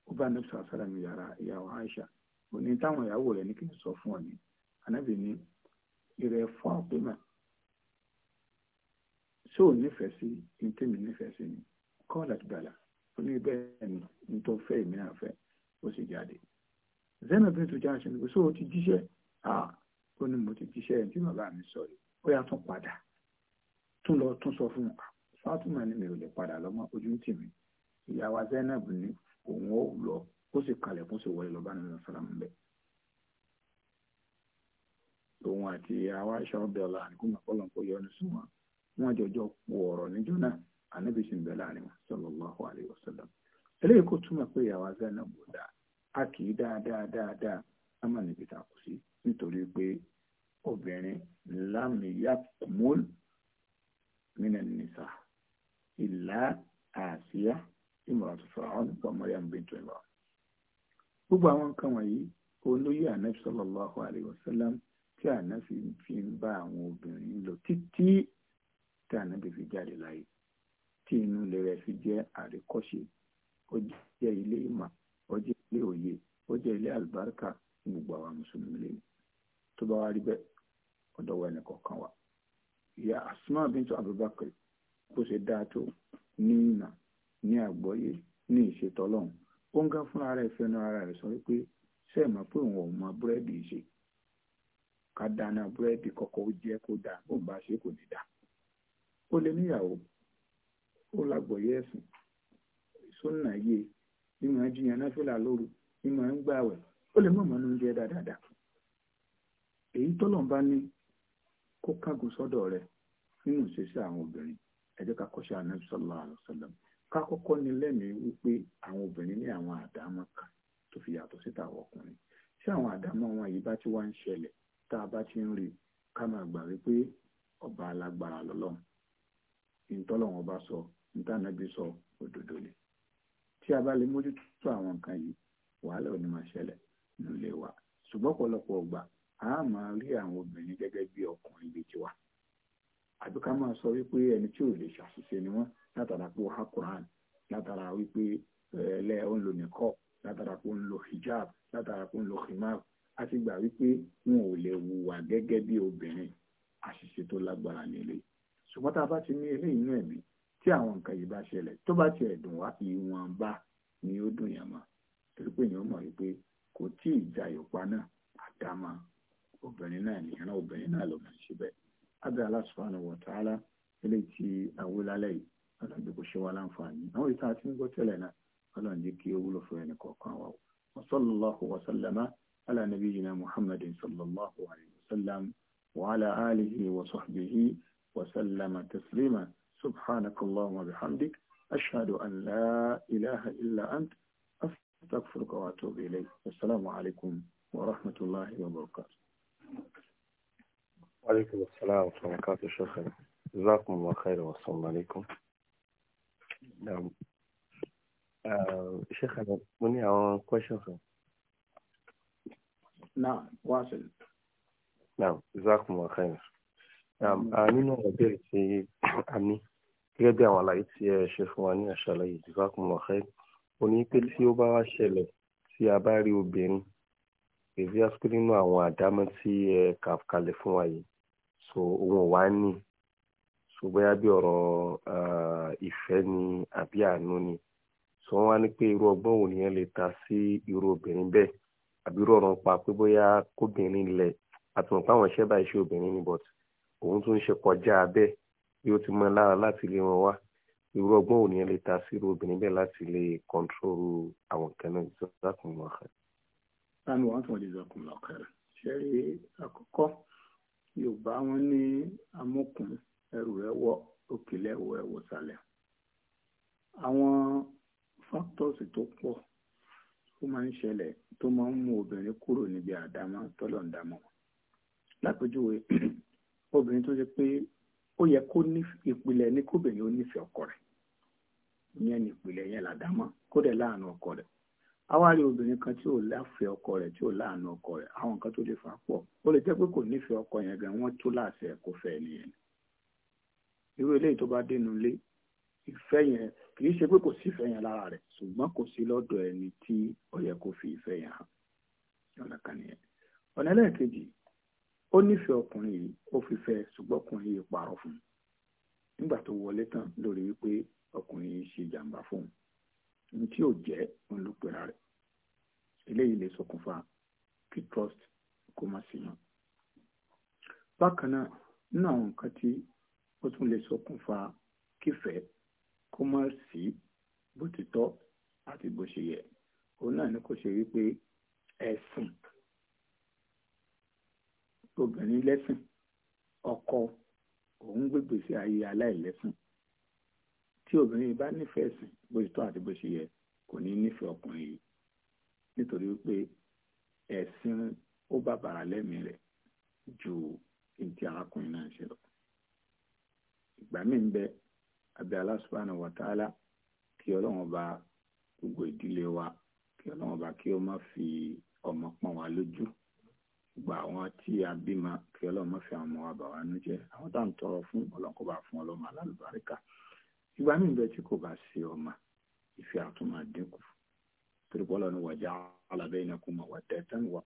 ó bá anabi sọ̀rọ̀ sọ́dà ní yàrá ìyàwó Aisha ó táwọn ìyàwó rẹ̀ ní kí n sọ fún ọ ní anabi ní ìrẹ̀ Fatima ṣé ò nífẹ̀ẹ́ sí ní tèmi nífẹ̀ẹ́ sí ni kọ́ọ̀lá ti bàlá ó ní bẹ́ẹ̀ ni ní tó fẹ́ ìmí náà fẹ́ ó sì jáde Zainab bin tujan ṣe ni kò sóò ti jíṣẹ́ ah ó ní mo ti jíṣẹ́ ẹ̀ tí bàbá mi sọ rí ó yà tún padà tún lọ tún sọ fún un Fatima ni mi ò lè padà lọ́mọ ojú tì mí ìyàwó Zainab ní òun ó lọ ó sì kalẹ̀ kó sì wọlé lọ́ba nínú sàlámù bẹ́ẹ̀. òun àti àwa aṣọ ọbẹ̀ ọ̀la àníkùnmọ̀ kọ́lọ̀ kó yọ ọ́ ní súnmọ́ wọn jọjọ́ pọ̀ ọ̀rọ̀ níjọ́ náà ànábì sì ń láàrin wọn sallallahu alaihi wasallam. eléyìí kò túmọ̀ pé ìyàwó azẹ́ náà bò dáa a kì í dáadáa dáadáa á mà níbi tá a kù sí nítorí pé obìnrin ìmọ̀ràn Fáráò nípa Maryam bint Imran gbogbo àwọn nǹkan wọ̀nyí olóyè anabi sallallahu alayhi wa sallam tí anabi fi ń bá àwọn obìnrin lò títí tí anabi fi jáde láyé tí inú ilé rẹ̀ fi jẹ́ àríkọ́ṣe ó jẹ́ ilé ìmọ̀ ó jẹ́ ilé òye ó jẹ́ ilé àlùbáríkà fún gbogbo àwọn mùsùlùmí lè tó bá wá rí bẹ́ẹ̀ ọ̀dọ̀ wa ẹnìkọ̀ọ̀kan wa ìyá Asma bint Abubakar bó ṣe dáa tó ní ìmọ̀ ní àgbọ́yé ní ìṣètọ́lọ́hún ó ń gá fúnra rẹ̀ fẹnu ara rẹ̀ sọ wípé ṣe pé òun ò mọ búrẹ́dì ṣe ká dáná búrẹ́dì kọ́kọ́ ó jẹ́ kó dáa bá ṣe kò ní dáa ó lé níyàwó ó lágbọ̀yé ẹ̀sìn sónà yé bí jiyàn náà lóru ń gbààwẹ̀ ó lè mọ̀mọ́ ní oúnjẹ dáadáa èyí bá ní kó kágun sọ́dọ̀ nínú ká kọ́kọ́ ní lẹ́mìí wípé àwọn obìnrin ní àwọn àdámọ́ kan tó fi yàtọ̀ síta ọkùnrin tí àwọn àdámọ́ wọn yìí bá ti wá ń ṣẹlẹ̀ tá a bá ti ń rí ká máa gbà wípé ọba alágbára lọ́lọ́run ìtọ́lọ́wọ́n bá sọ nítànàbí sọ òdodo ni tí a bá lè mójútó àwọn nǹkan yìí wàhálà ò ní máa ṣẹlẹ̀ nílé wa ṣùgbọ́n ọ̀pọ̀lọpọ̀ ọgbà a máa rí àwọn obìnrin gẹ́gẹ́ bí ọkùnrin bíi tiwa àbí ká máa sọ wípé ẹni tí ò lè ṣàṣìṣe ni wọ́n látara pé ó há Quran látara wípé ẹlẹ́ eh, ó ń lo nìkọ́ látara pé ó ń lo hijab látara pé ó ń lo khimar a ti gbà wípé wọn ò lè hùwà gẹ́gẹ́ bí obìnrin àṣìṣe tó lágbára nílé ṣùgbọ́n tá a bá ti ní eléyìí inú ẹ̀mí tí àwọn nǹkan yìí bá ṣẹlẹ̀ tó bá tiẹ̀ dùn wá ìwọ̀nba ni ó dùn yàn mọ́ torí pé èèyàn mọ̀ wípé kò tí ì jayòpa náà àdámà obìnrin náà nìyẹn náà obìnrin náà ló máa ń ṣe bẹ́ẹ̀. abẹ́ Allah subhanahu wa eléyìí ti àwòlálẹ́ yìí ọlọ́run jẹ́ kó ṣe wá láǹfààní àwọn ìtàn àti nígbọ́ tẹ́lẹ̀ náà ọlọ́run jẹ́ kí ó wúlò fún ẹnì kọ̀ọ̀kan wa wa sallallahu wa sallama ala nabiyyina muhammadin sallallahu alayhi wa sallam wa ala alihi wa sahbihi wa sallama taslima subhanakallahumma wa bihamdik ashhadu an la ilaha illa ant استغفرك واتوب اليك والسلام عليكم ورحمه الله وبركاته وعليكم السلام ورحمة الله وبركاته شكرا جزاكم الله خير والسلام عليكم ṣé uh, kàlọ́ mo ní àwọn question kan. náà wá sí. náà ìzákùn wà káyọ̀. nínú àwọn ìbéèrè tí a ní gẹ́gẹ́ bí àwọn àlàyé tí ẹ ṣe fún wa ní àṣàlẹ̀ yìí ìzákùn wà káyọ̀ ó ní pé tí ó bá wá ṣẹlẹ̀ tí a bá rí obìnrin èyí á sọ nínú àwọn àdámọ́ tí ẹ kà kalẹ̀ fún wa yìí so òun ò wá ní so bóyá bí ọ̀rọ̀ eh, ìfẹ́ ni àbí àánú ni so wọ́n wá ní pé irú ọgbọ́n wo nìyẹn lè ta sí irú obìnrin bẹ́ẹ̀ àbí irú ọ̀rọ̀ pa pé bóyá kóbìnrin lẹ̀ àtùmọ̀ páwọn iṣẹ́ báyìí ṣe obìnrin ni but òun tún ń ṣe kọjá abẹ́ bí ó ti mọ lára láti lé wọn wá irú ọgbọ́n wo nìyẹn lè ta sí irú obìnrin bẹ́ẹ̀ láti lè kọ́ńtrólù àwọn nǹkan náà ìṣọ́kùnrin ọ̀hún. sáàmì wọn tún lè zọkùn lọkẹrẹ ṣe àkọ́kọ́ yorùbá wọn ní amókùnrin ẹrù e wọ òkèlè ẹ̀wọ̀ ẹ̀wọ̀ àwọn fáktọ̀sì tó pọ̀ tó máa ń ṣẹlẹ̀ tó máa ń mú obìnrin kúrò níbi àdámọ́ tọ́lọ̀ǹdámọ́ lápèjúwe obìnrin tó ṣe pé ó yẹ kó ní ìpìlẹ̀ ní kóbìnrin ó nífẹ̀ẹ́ ọkọ rẹ̀ ìyẹn ní ìpìlẹ̀ yẹn làdámọ́ kó láàánú ọkọ kan tí ò láfẹ́ ọkọ rẹ̀ tí ò láàánú ọkọ rẹ̀ àwọn nǹkan tó lè fà ó lè ọkọ yẹn gan tó láṣẹ kó irú eléyìí tó bá dénú lé ìfẹ́ yẹn kì í ṣe pé kò sí ìfẹ́ yẹn lára rẹ̀ ṣùgbọ́n kò sí lọ́dọ̀ ẹni tí ó yẹ kó fi ìfẹ́ yẹn hàn ọ̀nà kan nìyẹn ọ̀nà ẹlẹ́ẹ̀kejì ó nífẹ̀ẹ́ ọkùnrin yìí ó fi fẹ́ ṣùgbọ́n ọkùnrin yìí parọ́ fún un nígbà tó wọlé tán lórí wípé ọkùnrin yìí ṣe jàǹbá fóun ní tí ò jẹ́ òun ló pera rẹ̀ eléyìí lè ṣokùnfà kí trust kó má sí mọ́ bákan náà nínú àwọn nǹkan tí ó tún lè ṣokùnfà kífẹ́ kó má sí bó ti tọ́ àti bó ṣe yẹ òun náà ni kò ṣe wípé ẹ̀sìn obìnrin lẹ́sìn ọkọ òun gbégbé sí ayé aláìlẹ́sìn tí obìnrin bá nífẹ̀ẹ́ ẹ̀sìn bó ti tọ́ àti bó ṣe yẹ kò ní nífẹ̀ẹ́ ọkùnrin yìí nítorí wípé ẹ̀sìn ó bàbàrà lẹ́mìí rẹ̀ ju ìdí arákùnrin náà ṣe lọ ìgbà míì ń bẹ abẹ́ Allah subhanahu wa ta'ala kí ọlọ́run ọba gbogbo ìdílé wa kí ọlọ́run ọba kí ó má fi ọmọ pọ́n wa lójú gba àwọn tí a bímọ kí ọlọ́run má fi àwọn ọmọ wa bà wá nú jẹ́ àwọn tá à ń tọrọ fún ọlọ́run kó bá fún ọlọ́run alálùbáríkà ìgbà míì ń bẹ tí kò bá sí ọmọ ìfẹ́ àtúmọ̀ dínkù torí ni wàjà alábẹ́yìn náà mọ̀ wà tẹ́tẹ́ wà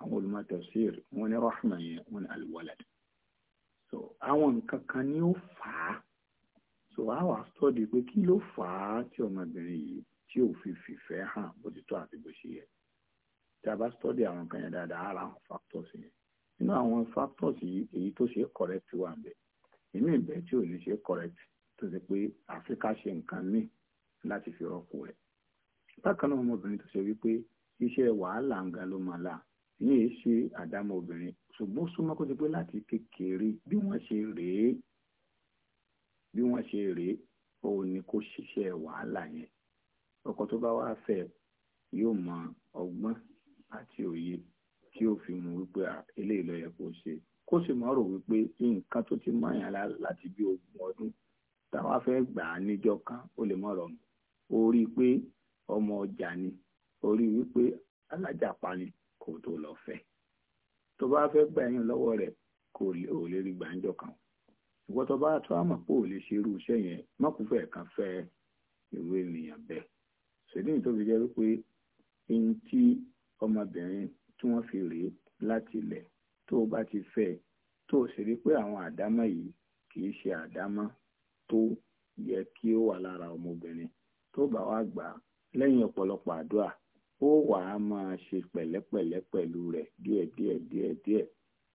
àwọn olùmọ̀ tafsir wọn ni rahman yẹn wọn ni alwalad so àwọn nǹkan kan ni ó fà á so a wà sọ́ọ̀dì pé kí ló fà á tí ọmọbìnrin yìí tí ò fi fìfẹ́ hàn bó ti tó àti bó ṣe yẹ tí a bá sọ́ọ̀dì àwọn nǹkan yẹn dáadáa ara àwọn factors yẹn nínú àwọn factors yìí èyí tó ṣe correct wà bẹ́ẹ̀ inú ìbẹ́ tí ò ní ṣe correct tó ṣe pé àfíríkà ṣe nǹkan míì láti fi rọ́pò rẹ̀ bákan náà ọmọbìnrin tó ṣe wípé iṣẹ́ wàhálà ń ga ló máa láà ní èé ṣe àdámọ́ obìnrin ṣùgbọ́n súnmọ́ kó ti pé láti kékeré bí wọ́n ṣe rèé bí wọ́n ṣe rèé òun ni kó ṣiṣẹ́ wàhálà yẹn ọkọ tó bá wàá fẹ́ yóò mọ ọgbọ́n àti òye tí ó fi mú wípé eléyìí ló yẹ kó ṣe kó sì mọ̀ rò wípé nǹkan tó ti mọ̀ yàn láti bí ogún ọdún táwa fẹ́ gbà á níjọ́ kan ó lè mọ̀ rọrùn ó rí i pé ọmọ ọjà ni ó rí i wípé alájàpá ni kó tó lọ fẹ́ tó bá fẹ́ gbà yín lọ́wọ́ rẹ̀ kò lè rí gbàǹjọ kan ìwọ tó bá tó àmọ̀ pé ò lè ṣe irú iṣẹ́ yẹn mọ́kùnfẹ́ kan fẹ́ irú ènìyàn bẹ́ẹ̀ ṣèlú tó fi jẹ́ wípé ohun tí ọmọbìnrin tí wọ́n fi rèé láti ilẹ̀ tó bá ti fẹ́ tó o rí pé àwọn àdámọ́ yìí kì í ṣe àdámọ́ tó yẹ kí ó wà lára ọmọbìnrin tó bá wá gbà lẹ́yìn ọ̀pọ̀lọpọ̀ àdúrà ó wà á máa ṣe pẹ̀lẹ́pẹ̀lẹ́ pẹ̀lú rẹ̀ díẹ̀ díẹ̀ díẹ̀ díẹ̀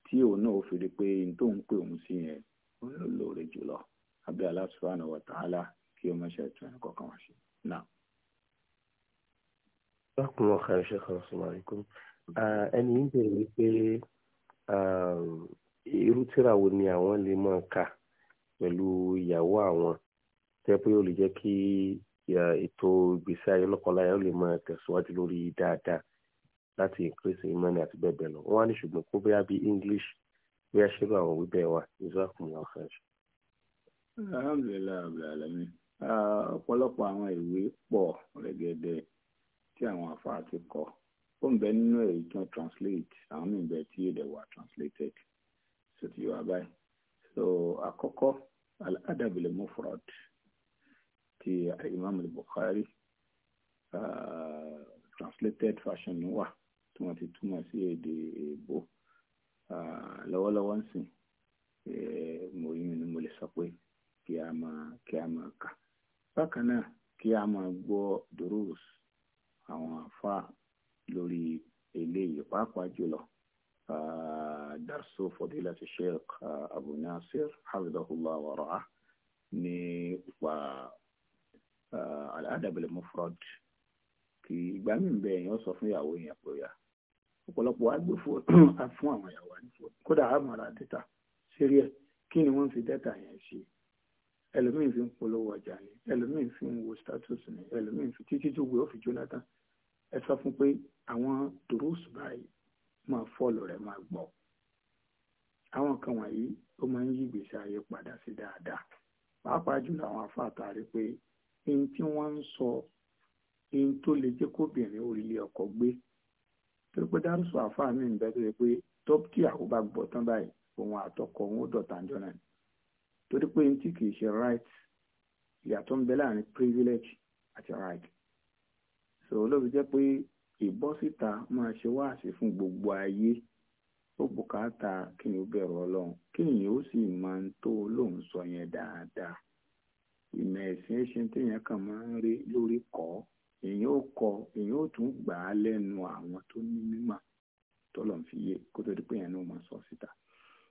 tí òun náà fi rí pé n tó ń pè òun sí yẹn òun ló lóore jùlọ abẹ́ Allah subhanahu kí o má ṣe tún ẹ̀kọ́ kan wá sí i náà. bákan náà kàrí ṣe kan sọ̀rọ̀ àríkún ẹni ń bèrè wípé irú tíra wo ni àwọn lè máa kà pẹ̀lú ìyàwó àwọn tẹ́ pé ó lè jẹ́ kí Uh, ètò ìgbésí ayé lọ́kọ̀ọ́láyà ó lè máa tẹ̀síwájú lórí dáadáa láti increase imani àti bẹ́ẹ̀ bẹ́ẹ̀ lọ wọ́n á ní ṣùgbọ́n kó bóyá bí english bóyá ṣerú àwọn òwe bẹ́ẹ̀ wà jazakumullahu khair. alhamdulilayi rabbil alamin uh, ọ̀pọ̀lọpọ̀ àwọn ìwé pọ̀ rẹ́gẹ́dẹ́ tí àwọn afárá ti kọ ó ń bẹ nínú èyí tí wọ́n translate àwọn míì bẹ tí èdè wà translated so ti yọ abáyé so àkọ́kọ́ al-adab al ti imam al-bukhari translated fashion wa, tí wọ́n ti túmọ̀ sí èdè èèbó lọ́wọ́lọ́wọ́ ń sìn mo yún ni mo lè sọ pé kí a máa kí a máa kà bákan náà kí a máa gbọ́ durus àwọn àfa lórí eléyìí pàápàá jùlọ darsu fadilati sheikh abu nasir hafidhahullah wa ra'ah ní ipa Uh, aládàbẹ̀lẹ̀ mufrad kì ìgbà mi bẹ èèyàn sọ fún ìyàwó yẹn pé ya ọ̀pọ̀lọpọ̀ agbè fún àwọn ìyàwó àdìfọ́ kódà àmàrà títà ṣeré ẹ̀ kí ni wọ́n fi dẹ́ta yẹn ṣe ẹlòmíín fi ń polówó ọjà ni ẹlòmíín fi ń wo status ni ẹlòmíín fi títí tó gbé òfin Jonathan ẹ sọ fún pé àwọn durus báyìí máa fọ́ọ̀lù rẹ̀ máa gbọ́ àwọn kan wọ̀nyí ó máa ń yí ìgbésí ayé padà sí dáadáa pàápàá jùlọ àwọn afáàtà rí pé ẹni tí wọ́n ń sọ ẹni tó lè jẹ́ kóbìnrin orílẹ̀ ọkọ gbé torí pé dárúsọ àfáà mi ń bẹ tó yẹ pé tọ́pítì àkóbá gbọ́ tán báyìí òun àtọkọ òun ó dọ̀tà ńjọ náà torí pé ẹni tí kì í ṣe right ìyàtọ̀ ń bẹ láàrin privilege àti right so olóògbé jẹ́ pé ìbọ́ síta máa ṣe wáàsí fún gbogbo ayé ó bùkátà kí ni ó bẹ̀rù ọlọ́run kí ni ó sì máa ń tó lóun sọ yẹn dáadáa ìmọ̀ ẹ̀sìn ẹ̀sìn téèyàn kàn máa ń rí lórí kọ́ èèyàn ó kọ èèyàn ó tún gbà á lẹ́nu àwọn tó ní mímọ̀ tọ́lọ̀ ń fi yé kó tó di pé èèyàn náà máa sọ síta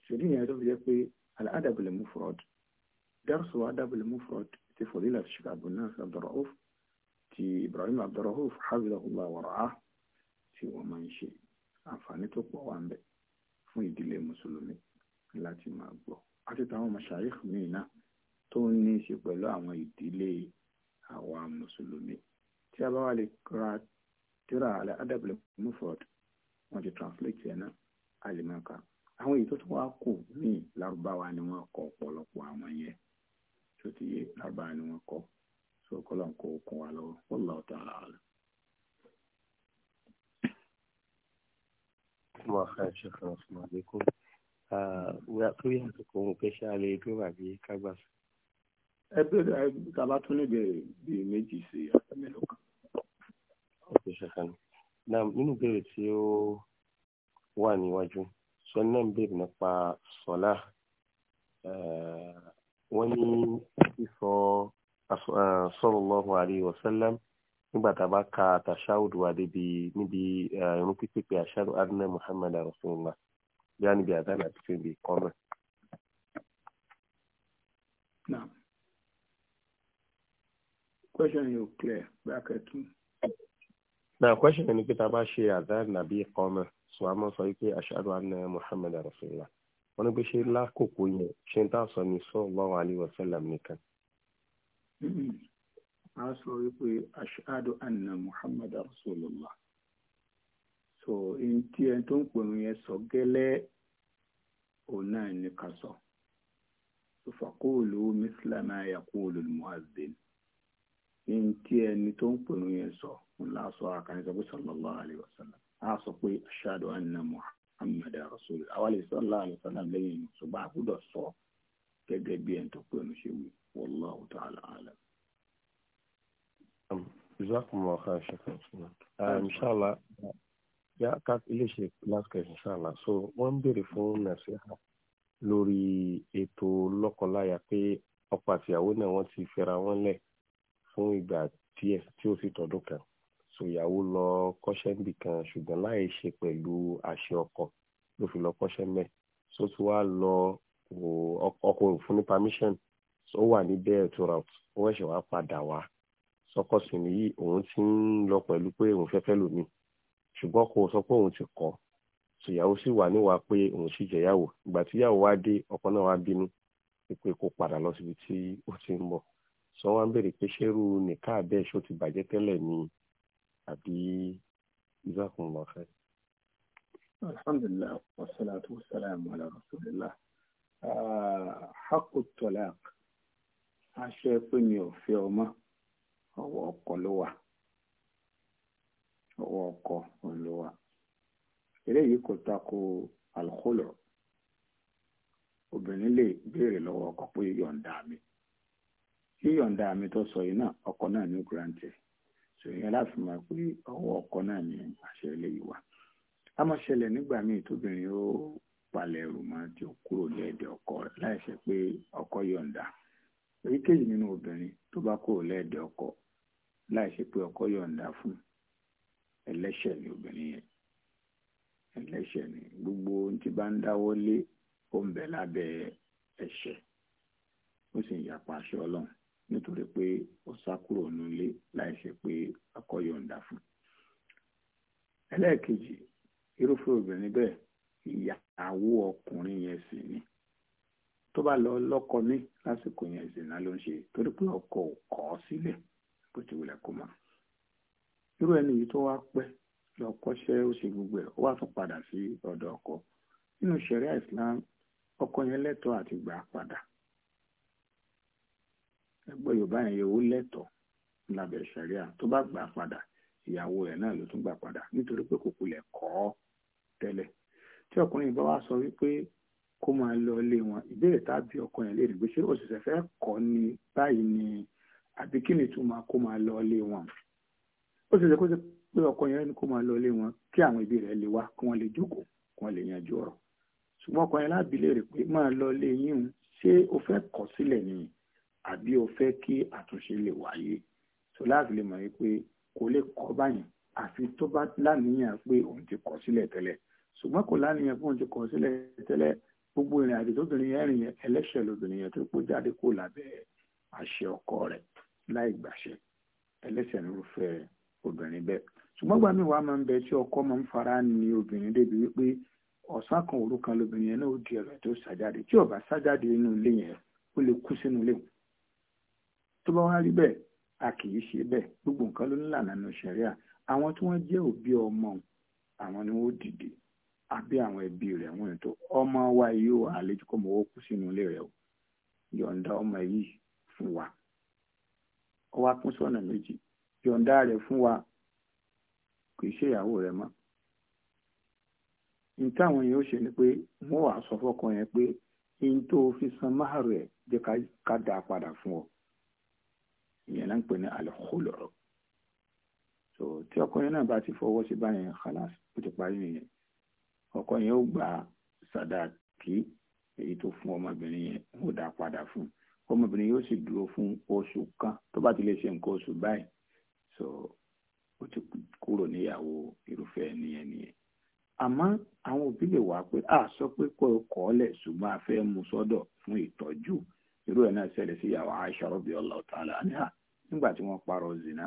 ṣèlú yẹn tó fi jẹ́ pé al-adabul mufrad darsu adabul mufrad ti fòlílà Sheikh Abdulnas Abdurrauf ti Ibrahim Abdurrauf hafizahullah wa ra'ah tí wọ́n máa ń ṣe àǹfààní tó pọ̀ wà ń bẹ fún ìdílé mùsùlùmí láti máa gbọ́ àti táwọn mashayikh míì náà tó ní í ṣe pẹ̀lú àwọn ìdílé àwa mùsùlùmí tí a bá wà lè ra tíra alẹ́ adabule wọ́n ti translate ẹ̀ náà a lè máa àwọn èyí tó tún wá kù ní larubawa ni wọ́n kọ ọ̀pọ̀lọpọ̀ àwọn yẹn tó ti yé larubawa ni wọ́n kọ so kọ́lọ̀ ń kó okun wa lọ́wọ́ wallahu ta'ala alam. ẹ bẹ̀rẹ̀ tàbá tún lè bẹ̀rẹ̀ bíi méjì sí ọ̀sẹ̀ mélòó kan. ok ṣàkàní náà nínú ìbéèrè tí ó wà níwájú sọ náà ń béèrè nípa sọlá wọ́n ní sísọ sallallahu alaihi wasallam nígbà tá a bá ka àtàṣáwùdù wa débi níbi irun pípé àṣàrò adúlẹ̀ muhammed rasulullah bí a níbi àdáná àti fèmí kan náà. question yóò clear bracket na question ni pé tá a bá ṣe ashadu anna muhammad rasulullah wọn ní ṣe lákòókò yẹn ṣe ń tà ní sallallahu alaihi wasallam mm-hmm. a ashadu anna muhammad rasulullah so in tí ẹ tó ń pèrò yẹn sọ gẹ́lẹ́ òun náà ní ká sọ. ní tí ẹni tó ń pèrò yẹn sọ ńlá sọ àkànní sọ pé sallallahu alaihi wasallam á sọ pé ashhadu anna muhammad rasulullah àwa lè sallallahu alaihi wasallam lẹ́yìn ṣùgbọ́n àgùdọ̀ sọ gẹ́gẹ́ bí ẹni tó pèrò ṣe wí wallahu ta'ala alam. jazakumullahu khairan shukran inshàlá yá ká ilé ṣe last question inshàlá so wọ́n ń béèrè fún nàṣẹ́hà lórí ètò lọ́kọláya pé ọkọ àtìyàwó náà wọ́n ti fẹ́ra wọn lẹ̀ fún ìgbà díẹ̀ tí ó sì tọdún kan so ìyàwó lọ kọ́ṣẹ́ níbì kan ṣùgbọ́n láì ṣe pẹ̀lú àṣẹ ọkọ ló fi lọ kọ́ṣẹ́ mẹ́ so tí wàá lọ ọkọ òfin ní permission ó wà níbẹ̀ tura ó ẹ̀ṣẹ̀ wá padà wá sọkọ sì nìyí òun ti ń lọ pẹ̀lú pé òun fẹ́fẹ́ lòmí ṣùgbọ́n kò sọ pé òun ti kọ̀ ṣèyàwó sì wà níwàá pé òun sì jẹ̀yàwó ìgbà tíyàwó wá dé ọkọ náà wá bínú pé kó padà lọ síbi tí ó ti ń bọ̀ sọ wá ń bèrè pé ṣérú nìka abẹ́ ṣó ti bàjẹ́ tẹ́lẹ̀ ni àbí ìzákun lọ fẹ́. alhamdulilayi wa salatu wa salamu ala rasulillah ah, hakku tolaq aṣọ ẹ mi ò fẹ́ ọmọ ọwọ́ ọkọ ló wà ọwọ́ ọkọ ló wà eléyìí kò tako alukólọ obìnrin lè béèrè lọ́wọ́ ọkọ pé yọ̀ǹda mi. yíyọ̀ǹda àmì tó sọ yìí náà ọkọ náà ní granted ṣòyìn láti mọ̀ ọkọ náà ní àṣẹ ilé yìí a á ṣẹlẹ̀ nígbà míì tóbìnrin ó palẹ̀ ẹrù mọ́ tí ó kúrò ọkọ láìṣe pé ọkọ yọ̀ǹda èyíkéyìí nínú obìnrin tó bá kúrò ọkọ láìṣe pé ọkọ yọ̀ǹda fún ẹlẹ́ṣẹ̀ ni obìnrin yẹn ẹlẹ́ṣẹ̀ ni bá ń dáwọ́ lé ó ń lábẹ́ ẹ̀ṣẹ̀ ó sì ń nítorí pé ó sá kúrò nílé láì ṣe pé akọ́yọ̀ǹda fún un. ẹlẹ́ẹ̀kejì irúfẹ́ obìnrin bẹ́ẹ̀ ìyàwó ọkùnrin yẹn sì ni tó bá lọ lọ́kọ ní lásìkò yẹn ìsìnà ló ń ṣe torí pé ọkọ ò kọ̀ ọ́ sílẹ̀ bó ti wulẹ̀ kó mọ́. irú ẹni yìí tó wá pẹ́ lọ ó ṣe gbogbo ẹ̀ ó wá tún padà sí ọ̀dọ̀ ọkọ nínú ṣẹ̀ríà Islam ọkọ yẹn lẹ́tọ̀ọ́ àti gbà padà ẹgbẹ́ yorùbá yẹn yóò lẹ́tọ̀ọ́ lábẹ́ sẹ̀ríà tó bá gbà padà ìyàwó ẹ̀ náà ló tún gbà padà nítorí pé kò kulẹ̀ kọ́ ọ́ tẹ́lẹ̀ tí ọkùnrin bá wá sọ wípé kó máa lọ ilé wọn ìbéèrè tàbí ọkọ yẹn lè rí pé ṣé òṣìṣẹ́ fẹ́ kọ́ ni báyìí ni àbí kí ni túmọ̀ kó máa lọ ilé wọn ó kó ṣe pé ọkọ yẹn ni kó máa lọ ilé wọn kí àwọn ẹbí rẹ̀ lè wá kí wọ́n lè jókòó kí wọ́n lè yanjú ọ̀rọ̀ ṣùgbọ́n ọkọ yẹn lábìlẹ̀ pé máa lọ ilé yín ṣé o fẹ́ kọ̀ sílẹ̀ nìyí àbí o fẹ́ kí àtúnṣe lè wáyé so láti lè mọ̀ pé kò lè kọ́ báyìí àfi tó bá láníyàn pé òun ti kọ̀ sílẹ̀ tẹ́lẹ̀ ṣùgbọ́n kò láníyàn pé òun ti kọ̀ sílẹ̀ tẹ́lẹ̀ gbogbo ìrìn àjò tóbìnrin yẹn rìn yẹn ẹlẹ́ṣẹ̀ lóbìnrin yẹn tó kó jáde kó lábẹ́ àṣẹ ọkọ rẹ̀ láì gbàṣẹ ẹlẹ́ṣẹ̀ nírúfẹ́ obìnrin bẹ́ẹ̀ ṣùgbọ́n gbàmí wàá máa ń bẹ tí ọkọ máa ń fara ni obìnrin débi wípé ọ̀sán kan òru kan lóbìnrin yẹn náà ó di ẹ̀rọ tó ṣàjáde tí ó ṣàjáde inú ilé yẹn ó lè kú sínú ilé wọn tó bá wá a kì í ṣe bẹ́ẹ̀ gbogbo nǹkan ló ń là nínú àwọn tí wọ́n jẹ́ òbí ọmọ àwọn ni wọ́n dìde àbí àwọn ẹbí rẹ̀ ètò ọmọ wa yìí àlejò kú sínú ilé rẹ̀ o ọmọ yìí fún wa wá kún méjì fún wa kì í ni pé wàá sọ yẹn pé tó fi san ká dáa padà ìyẹn náà ń pè ní alkhulur so tí ọkùnrin náà bá ti fọwọ́ sí báyẹn khalas ó ti parí nìyẹn ọkọ yẹn ó gba sàdáàkì èyí tó fún ọmọbìnrin yẹn ó dá padà fún ọmọbìnrin yóò sì dúró fún oṣù kan tó bá ti lè ṣe nǹkan oṣù báyìí so ó ti kúrò níyàwó irúfẹ́ nìyẹn nìyẹn àmọ́ àwọn òbí lè wá pé a sọ pé kó o kọ́ ọ lẹ̀ ṣùgbọ́n a fẹ́ mú sọ́dọ̀ fún ìtọ́jú. So, irú ẹ̀ náà ṣẹlẹ̀ sí ìyàwó Aisha radiyallahu ta'ala anha nígbà tí wọ́n parọ́ zina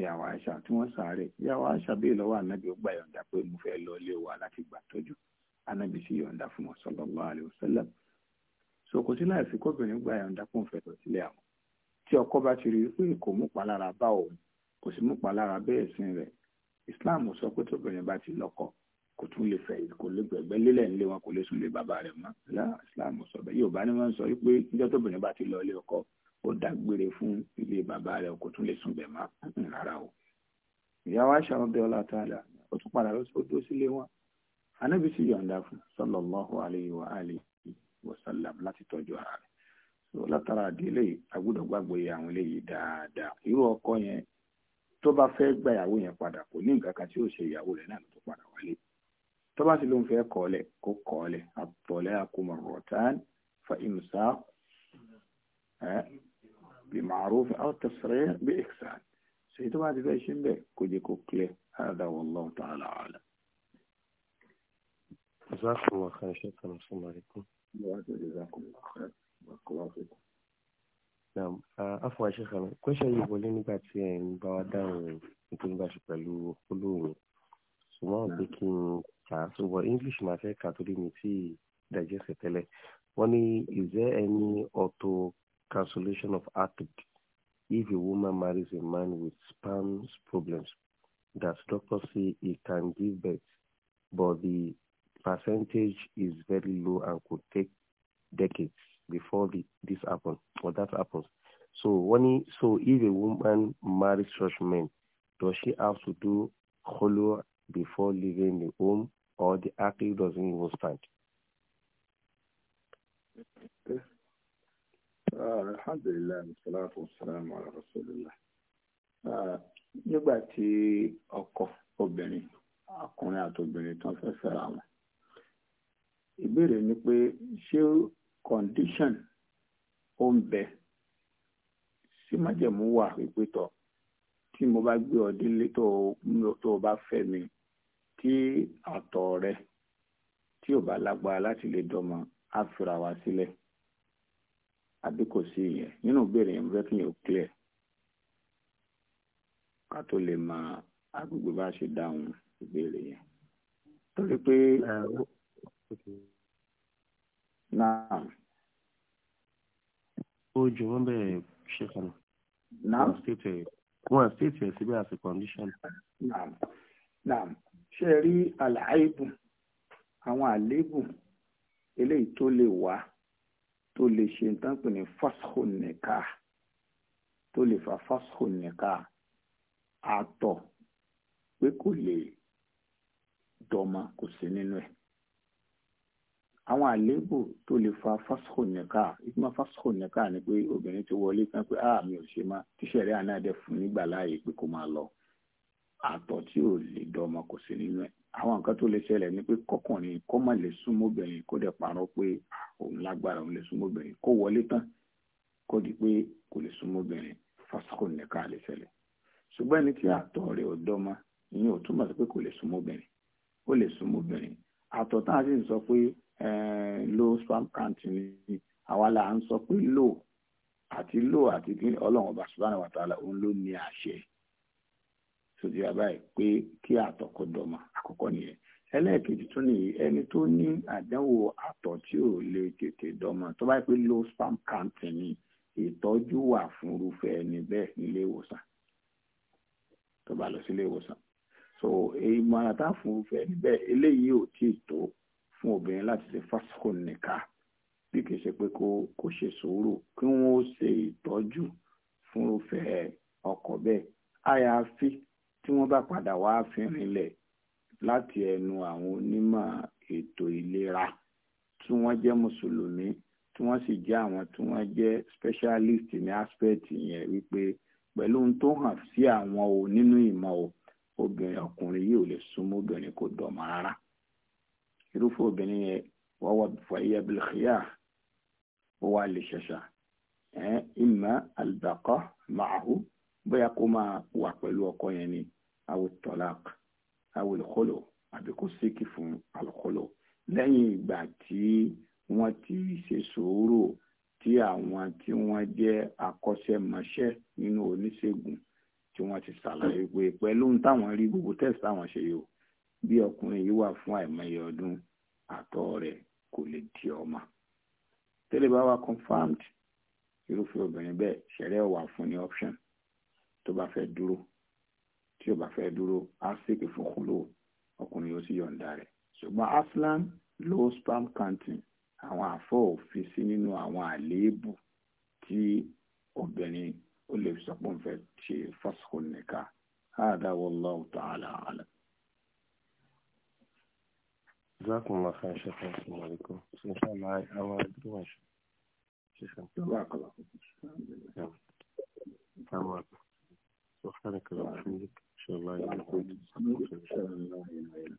ìyàwó Aisha tí wọ́n sáré ìyàwó Aisha bẹ́ẹ̀ lọ́wọ́ anabi ó gbà yọ̀ǹda pé mo fẹ́ lọ ilé wa láti gbà tọ́jú anabi sì yọ̀ǹda fún wọn sallallahu alayhi wa sallam so kò sí láì fi kóbìnrin gbà yọ̀ǹda pé òun fẹ́ lọ sílé àwọn tí ọkọ bá ti rí pé kò mú palára bá òun kò sì mú palára bẹ́ẹ̀ sin rẹ̀ Islam sọ pé tóbìnrin bá ti lọ́kọ̀ọ́ kò tún lè fẹ kò lè gbẹgbẹ lélẹ̀ nílé wọn kò lè sùn lé bàbá rẹ̀ mọ́ lá islam sọ bẹ́ẹ̀ yorùbá ni wọ́n sọ pé níjọ́ tóbìnrin bá ti lọ ilé ọkọ ó dágbére fún ilé bàbá rẹ̀ kò tún lè sùn bẹ́ẹ̀ mọ́ mm, rárá o ìyá wa ṣàwọn bẹ ọlá tààlà ó tún padà lọ ó dúró sílé wọn anábì sì yọ̀ǹda fún sallallahu alayhi wa alihi wa sallam láti tọ́jú ara rẹ̀ so látara àdélé agbọ́dọ̀ gbàgbọ́ iye àwọn eléyìí dáadáa irú ọkọ yẹn tó bá fẹ́ gba ìyàwó yẹn padà kò ní nǹkan tó لهم فيها كولي كو كولي kó مرتان فإمساق àkómọ̀ بمعروف أو تصريح بإحسان سيدو بعد بيشن به كودي كوكلي هذا والله تعالى أعلم جزاكم الله خير شكرا السلام عليكم جزاكم الله خير بارك الله فيكم نعم عفوا شيخ أنا كل شيء يقول لي nígbà tí ẹ ń bá wa dáhùn nítorí bá ṣe pẹ̀lú olóòrùn ṣùgbọ́n pé kí n ba wa dahun nitori ba se so what English máa fẹ́ kà digest tẹ́lẹ̀ wọ́n is there any auto cancellation of attic if a woman marries a man with sperm problems does doctor say he can give birth but the percentage is very low and could take decades before the, this happens or that happens. So when he, so if a woman marries such men, does she have to do holo before leaving the home or the active dosing was stand? Ah, alhamdulilayi salatu wasalaamu ala rasulillah ah, nígbà tí ọkọ obìnrin ọkùnrin àti obìnrin tán fẹ́ fẹ́ra wọn ìbéèrè ni pé ṣé condition ó ń bẹ sí májẹ̀mú wà wípé tọ̀ tí mo bá gbé mi tí àtọ̀ rẹ tí ò bá lágbára láti lè dọ́mọ á fira wa sílẹ̀ àbí kò sí ìyẹn nínú ìbéèrè yẹn fẹ́ kí yẹn ó clear ká tó lè mọ agbègbè bá ṣe dáhùn ìbéèrè yẹn torí pé náà. ó jù wọ́n bẹ̀rẹ̀ ṣe kan. náà wọ́n state ẹ̀ síbẹ̀ as condition. náà náà ṣe rí àlàáìbù àwọn àléébù eléyìí tó lè wá tó lè ṣe nǹkan pè ní fásitì tó lè fa fásitì nìka àtọ̀ pé kò lè dọ́mọ kò sí nínú ẹ̀ àwọn àléébù tó lè fa fásitì nìka ìtumọ̀ fásitì nìka ni pé obìnrin ti wọlé kan pé àmì ah, ò ṣe má tíṣẹ̀rí àná dẹ̀ fún nígbà láàyè pé kó máa lọ àtọ̀ tí ò lè dọ́mọ kò sí nínú ẹ̀ àwọn nǹkan tó lè ṣẹlẹ̀ ni pé kọkùnrin kó má lè súnmọ́ obìnrin kó dẹ̀ parọ́ pé òun lágbára òun lè súnmọ́ obìnrin kó wọlé tán kó di pé kò lè súnmọ́ obìnrin fásitì nìkan lè ṣẹlẹ̀ ṣùgbọ́n ẹni tí àtọ̀ rẹ̀ ò dọ́mọ ìyẹn ò túmọ̀ sí pé kò lè súnmọ́ obìnrin ó lè súnmọ́ obìnrin àtọ̀ tá a sì ń sọ pé eh, low sperm count ni àwa là ń sọ pé low àti low àti ọlọ́run ọba subhanahu wa ta'ala òun ló ní àṣẹ sójú yàrá ẹ̀ pé kí àtọkọdọmọ àkọ́kọ́ nìyẹn ẹlẹ́ẹ̀kejì tún nìyí ẹni tó ní àdánwò àtọ̀ tí ò lè tètè dọmọ tó bá pé low sperm count ni ìtọ́jú wà fún irúfẹ́ ẹni bẹ́ẹ̀ nílé ìwòsàn tó bá lọ sílé ìwòsàn so ìmọ̀ràn tá fún irúfẹ́ ẹni bẹ́ẹ̀ eléyìí ò tí ì tó fún obìnrin láti ṣe fásitì nìka bí kì í ṣe pé kó kó ṣe sùúrù kí wọ́n ó ṣe ìtọ́jú fún irúfẹ́ ọkọ bẹ́ẹ̀ àyàfi tí wọ́n bá padà wá fi rinlẹ̀ láti ẹnu àwọn onímọ̀ ètò ìlera tí wọ́n jẹ́ mùsùlùmí tí wọ́n sì jẹ́ àwọn tí wọ́n jẹ́ specialist ní aspect yẹn wípé pẹ̀lú ohun tó hàn sí àwọn o nínú ìmọ̀ o obìnrin ọkùnrin yìí ò lè súnmọ́ obìnrin kò dọ̀mọ́ rárá irúfẹ́ obìnrin yẹn wọ́n wà fàyè bilkhiyà ó wà lè ṣẹ̀ṣà ẹ̀ ìmọ̀ albàkọ́ màáhù bóyá kó máa wà pẹ̀lú ọkọ yẹn ni awo tọ́lák awo ìkọlò àbí kó síkì fún àlùkọlò lẹ́yìn ìgbà tí wọ́n ti ṣe sòórò tí àwọn tí wọ́n jẹ́ akọ́ṣẹ́mọṣẹ́ nínú oníṣègùn tí wọ́n ti ṣàlàyé pé pẹ̀lú táwọn rí gbogbo tẹ́sí táwọn ṣe yìí bí ọkùnrin yìí wà fún àìmọye ọdún àtọ̀ rẹ̀ kò lè di ọmọ tẹ́lẹ̀ wa confirmed irúfẹ́ obìnrin bẹ́ẹ̀ ṣẹ̀rẹ́ wà fún ní option tó bá fẹ́ dúró tí ò bá fẹ́ dúró á ṣèké fún kúlò ọkùnrin yóò sì yọ̀ǹda rẹ̀ ṣùgbọ́n aslan low sperm counting àwọn àfọ òfin sí nínú àwọn àléébù tí obìnrin ó lè sọ pé òun fẹ́ ṣe fásitì nìkan hada wallahu ta'ala alam. جزاكم الله خير شيخنا السلام عليكم ان شاء الله اوائل شيخنا جزاك الله خير السلام عليكم سبحانك اللهم وبحمدك إن شاء الله يكون يعني. طيب،